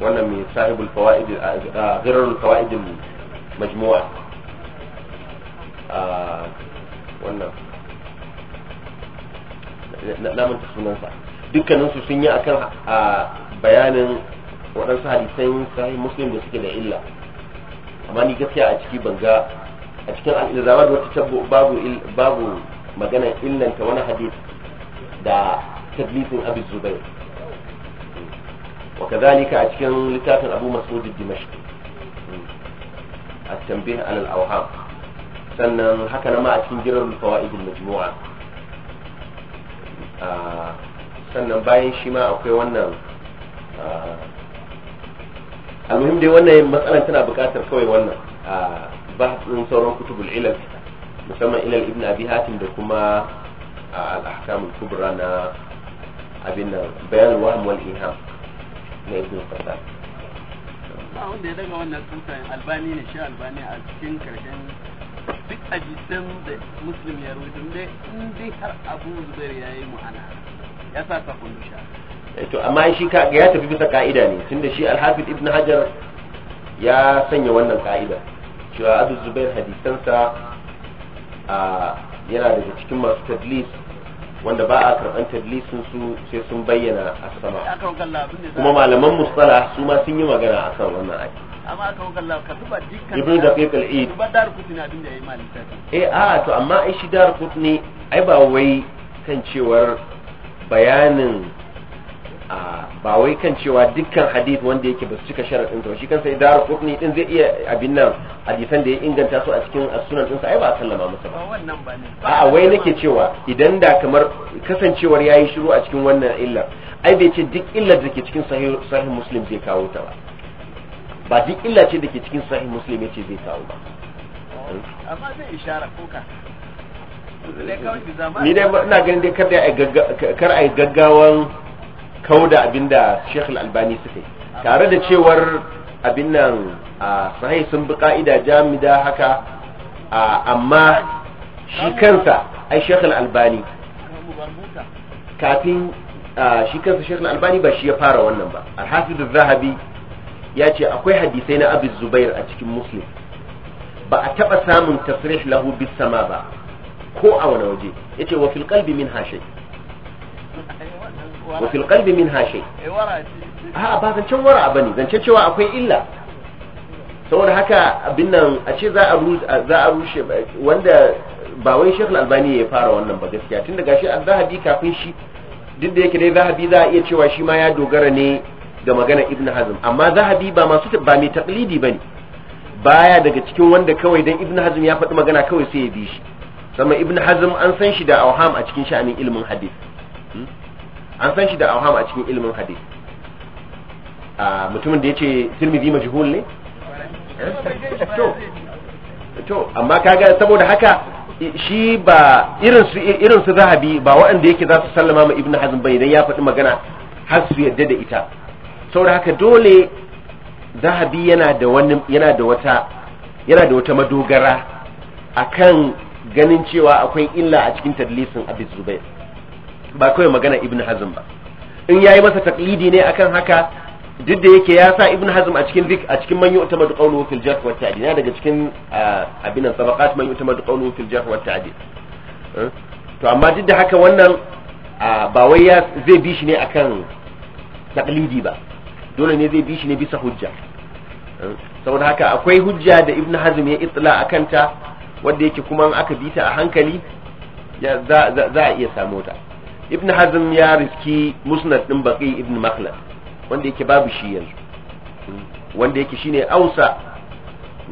wannan mai sahibul fawaid a ghirarul fawaid majmu'a a wannan na manta sunansa dukkaninsu sun yi akan bayanin waɗansu hadisai sai muslim da suke da illa amma ni gaskiya a ciki ban ga a cikin al'ilzama da wata babu babu magana illanta wani hadis da tadlisin abu zubai wa kazalika a cikin littafin abu mas'ud dimashq a tambih alal awham sannan haka nan ma a cikin jirar fawaid al majmu'a Ah, sannan bayan shi ma akwai wannan ah, almuhim dai wannan matsalar tana buƙatar kawai wannan ah, ba sun sauran kutubul ilal musamman ilal ibn abi hatim da kuma al-ahkam kubra na abin nan bayan wahm wal iham na ibn a wanda ya daga wannan tsuntsayen albani ne shi albani a cikin karshen duk hadisan da muslim ya rubuta dai in dai har abu zubair ya yi mu'ana ya sa ka kullu sha eh to amma shi ka ya tafi bisa ka'ida ne tunda shi al ibn hajar ya sanya wannan ka'ida cewa abu zubair hadisansa yana daga cikin masu tadlis wanda ba a karɓar tadlisin su sai sun bayyana a sama kuma malaman mustala su ma sun yi magana akan wannan aiki amma aka wuka Allah ka duba dukkan ibnu daqiq al-eid dar da eh a to amma ai shi dar kutni ai ba wai kan cewar bayanin ba wai kan cewa dukkan hadith wanda yake ba su cika sharaɗin ta shi kansa idara kutni din zai iya abin nan hadisan da ya inganta su a cikin sunan ɗinsa ai ba a sallama masa ba wannan ba ne a wai nake cewa idan da kamar kasancewar yayi shiru a cikin wannan illar ai bai ce duk illar da ke cikin sahih muslim zai kawo ta ba ba duk illa ce da ke cikin sahih muslim yace zai kawo ba amma zai ishara koka ni dai ina ganin dai kar da kar ai gaggawan kauda abinda Sheikh Al-Albani suka yi tare da cewar abin nan sahih sun bi ka'ida jamida haka amma shi kansa ai Sheikh Al-Albani kafin shi kansa Sheikh Al-Albani ba shi ya fara wannan ba al-Hafiz zahabi ya ce akwai hadisai na abu zubair a cikin muslim ba a taɓa samun tasrih lahu bis sama ba ko a wani waje ya ce wa fil qalbi min hashe wa fil qalbi min hashe eh, a ba zancen wara ba ne zancen cewa akwai illa saboda haka abin nan a ce za a rushe wanda ba wai shekul albani ya fara wannan ba gaskiya tun gashi shi al zahabi kafin shi duk da yake dai zahabi za a iya cewa shi ma ya dogara ne ga magana ibn hazm amma zahabi ba masu ba mai taqlidi bane baya daga cikin wanda kawai dan ibn hazm ya faɗi magana kawai sai ya bi shi sama ibn hazm an san shi da awham a cikin sha'anin ilmin hadith hmm? an san shi da awham a cikin ilmin hadith a mutumin da yace tirmidhi majhul ne eh? to to amma kaga saboda haka shi ba irin su irin su zahabi ba waɗanda yake za su sallama ma ibn hazm bai dan ya faɗi magana har su yadda da ita saboda haka dole zahabi yana da wani yana da wata yana da wata madogara akan ganin cewa akwai illa a cikin tadlisin abi zubair ba kawai magana ibn hazm ba in yayi masa taqlidi ne akan haka duk da yake ya sa ibn hazm a cikin zik a cikin man yu'tamadu qawluhu fil jarh wa ta'dil na daga cikin abin nan sabaqat man yu'tamadu qawluhu fil jarh wa ta'dil eh? to amma duk da haka wannan ba wai ya zai bi shi ne akan taqlidi ba dole ne zai bi shi ne bisa hujja eh, saboda haka akwai hujja da ibn hazm ya itla a kanta wadda yake kuma aka bi ta a hankali za a iya samu ta ibn hazm ya riski musnad din baqi ibn makhlad wanda yake babu shi yanzu wanda yake shine ausa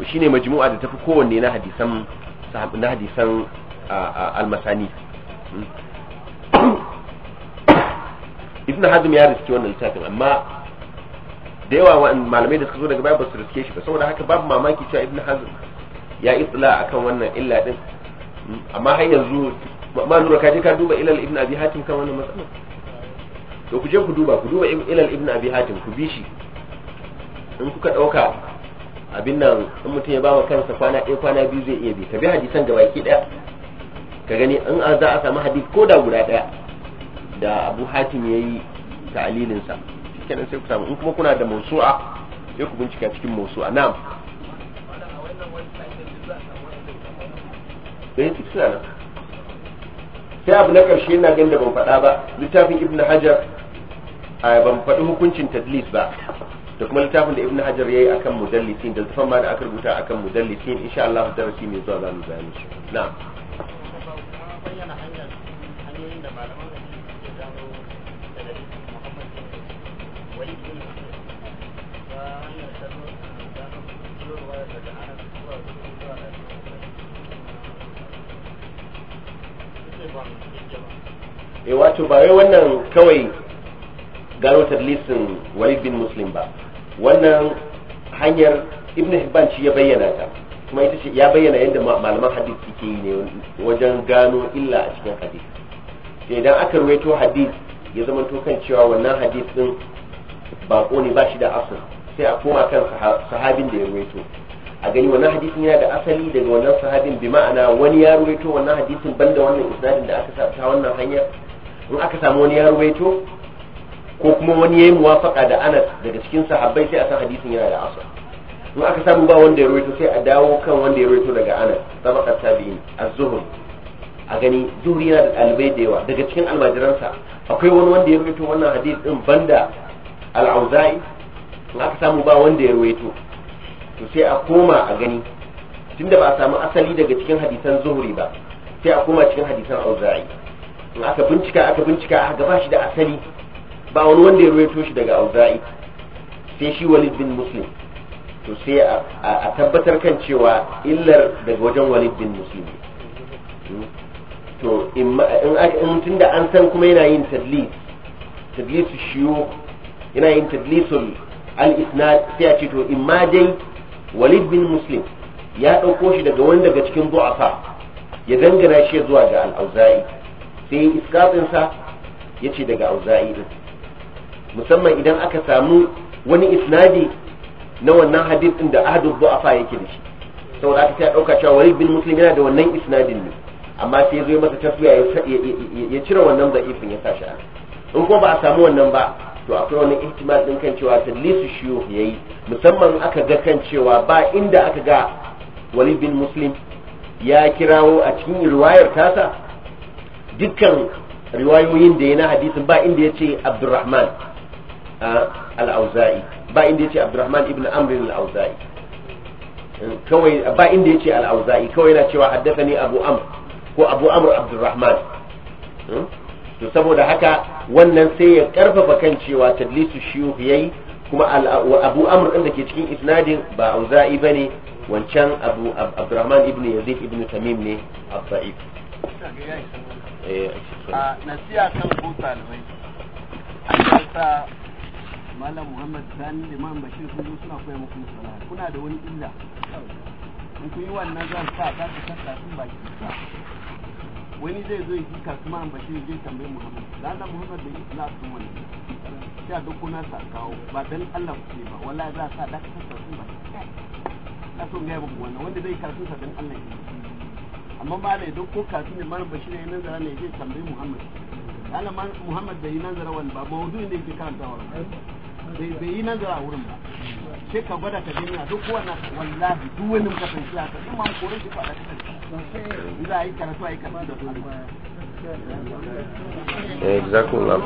shine majmu'a da tafi kowanne na hadisan na hadisan almasani hmm. ibn hazm ya riski wannan littafin amma da yawa malamai da suka zo daga baya ba su riske shi ba saboda haka babu mamaki cewa ibn hazm ya itsla akan wannan illa din amma har yanzu ma nura ka je ka duba ilal ibn abi hatim kan wannan matsala to ku je ku duba ku duba ilal ibn abi hatim ku bi shi in kuka dauka abin nan in mutum ya bawa kansa kwana ɗaya kwana biyu zai iya bi ka bi hadisan gaba ki daya ka gani in za a samu hadisi ko da guda daya da abu hatim yayi ta'lilin sa shikenan sai ku samu in kuma kuna da mawsu'a sai ku bincika cikin mawsu'a na'am eh suna nan sai abu na karshe ina ganin da ban faɗa ba littafin ibnu hajar a ban faɗi hukuncin tadlis ba da kuma littafin da ibnu hajar yayi akan mudallisin da littafin ma da aka rubuta akan mudallisin insha Allah darasi mai zuwa za mu bayani shi na'am e wato ba wai wannan kawai gano tarlisin walid bin muslim ba wannan hanyar ibn hibban ya bayyana ta kuma ita ce ya bayyana yadda malaman hadith suke yi ne wajen gano illa a cikin hadith idan aka ruwaito hadith ya zama to kan cewa wannan hadith din bako ne ba shi da asali sai a koma kan sahabin da ya ruwaito a gani wannan hadisin yana da asali daga wannan sahabin bi ma'ana wani ya ruwaito wannan hadisin banda wannan isnadin da aka sa ta wannan hanya in aka samu wani ya ruwaito ko kuma wani yayi muwafaqa da Anas daga cikin sahabbai sai a san hadisin yana da asali in aka samu ba wanda ya ruwaito sai a dawo kan wanda ya ruwaito daga Anas tabaqat tabi'in az-zuhri a gani zuhri yana da ɗalibai da yawa daga cikin almajiransa akwai wani wanda ya ruwaito wannan hadisin banda al-auza'i in aka samu ba wanda ya ruwaito to sai a koma a gani tun da ba a samu asali daga cikin hadisan zuhri ba sai a koma cikin hadisan auza'i in aka bincika aka bincika aka gaba shi da asali ba wani wanda ya ruwaito shi daga auza'i sai shi walid bin muslim to sai a tabbatar kan cewa illar daga wajen walid bin muslim hmm? to in da an san kuma yana yin tadlis tadlis shiyu yana yin tadlisul al-isnad sai a ce to in ma dai walid bin muslim ya ɗauko shi daga wani daga cikin du'afa ya dangana shi zuwa ga al-auza'i sai ya iskatsin sa yace daga auza'i din musamman idan aka samu wani isnadi na wannan hadith din da ahadu du'afa yake da shi saboda aka ta ɗauka cewa walid bin muslim yana da wannan isnadin ne amma sai zo masa tafiya ya cire wannan da'ifin ya sa shi in kuma ba a samu wannan ba to akwai wani ihtimal din kan cewa tadlisu shuyukh yayi musamman aka ga kan cewa ba inda aka ga wali bin Muslim ya kirawo a cikin riwayar tasa dukkan riwayoyin da ya na hadisin ba inda ya ce Abdurrahman al-Auza'i ba inda ya ce Abdurrahman ibn Amr al-Auza'i kawai ba inda ya ce al-Auza'i kawai yana cewa ne Abu Amr ko Abu Amr Abdurrahman hmm? to saboda haka wannan sai ya karfafa kan cewa tadlisu shuyukh yayi kuma abu amr din da ke cikin isnadin ba auza'i bane wancan abu abdurrahman ibn yazid ibn tamim ne abda'if eh, a nasiya kan ko talibai an sa malam muhammad sani liman bashir kun suna koya muku sana'a kuna da wani illa in kun yi wannan zan sa ta ta kasa sun baki sa wani zai zo yi kasuwa an bashi zai tambayi muhammad lalla muhammad da isla a sun wani sha duk na sa kawo ba dan allah ku ba wala za a sa da ka kasa ba na son gaya muku wannan wanda zai kasu sa dan allah ne amma ba da duk ko kasu ne mara bashi ne nan zara ne zai tambayi muhammad lalla muhammad da yi nan wani ba maudu ne ke karantawa bai yi nan wurin ba sai ka gwada ka gani a duk wannan wallahi duk wani muka san shi haka in ma korin shi ba da kasance É, desacular,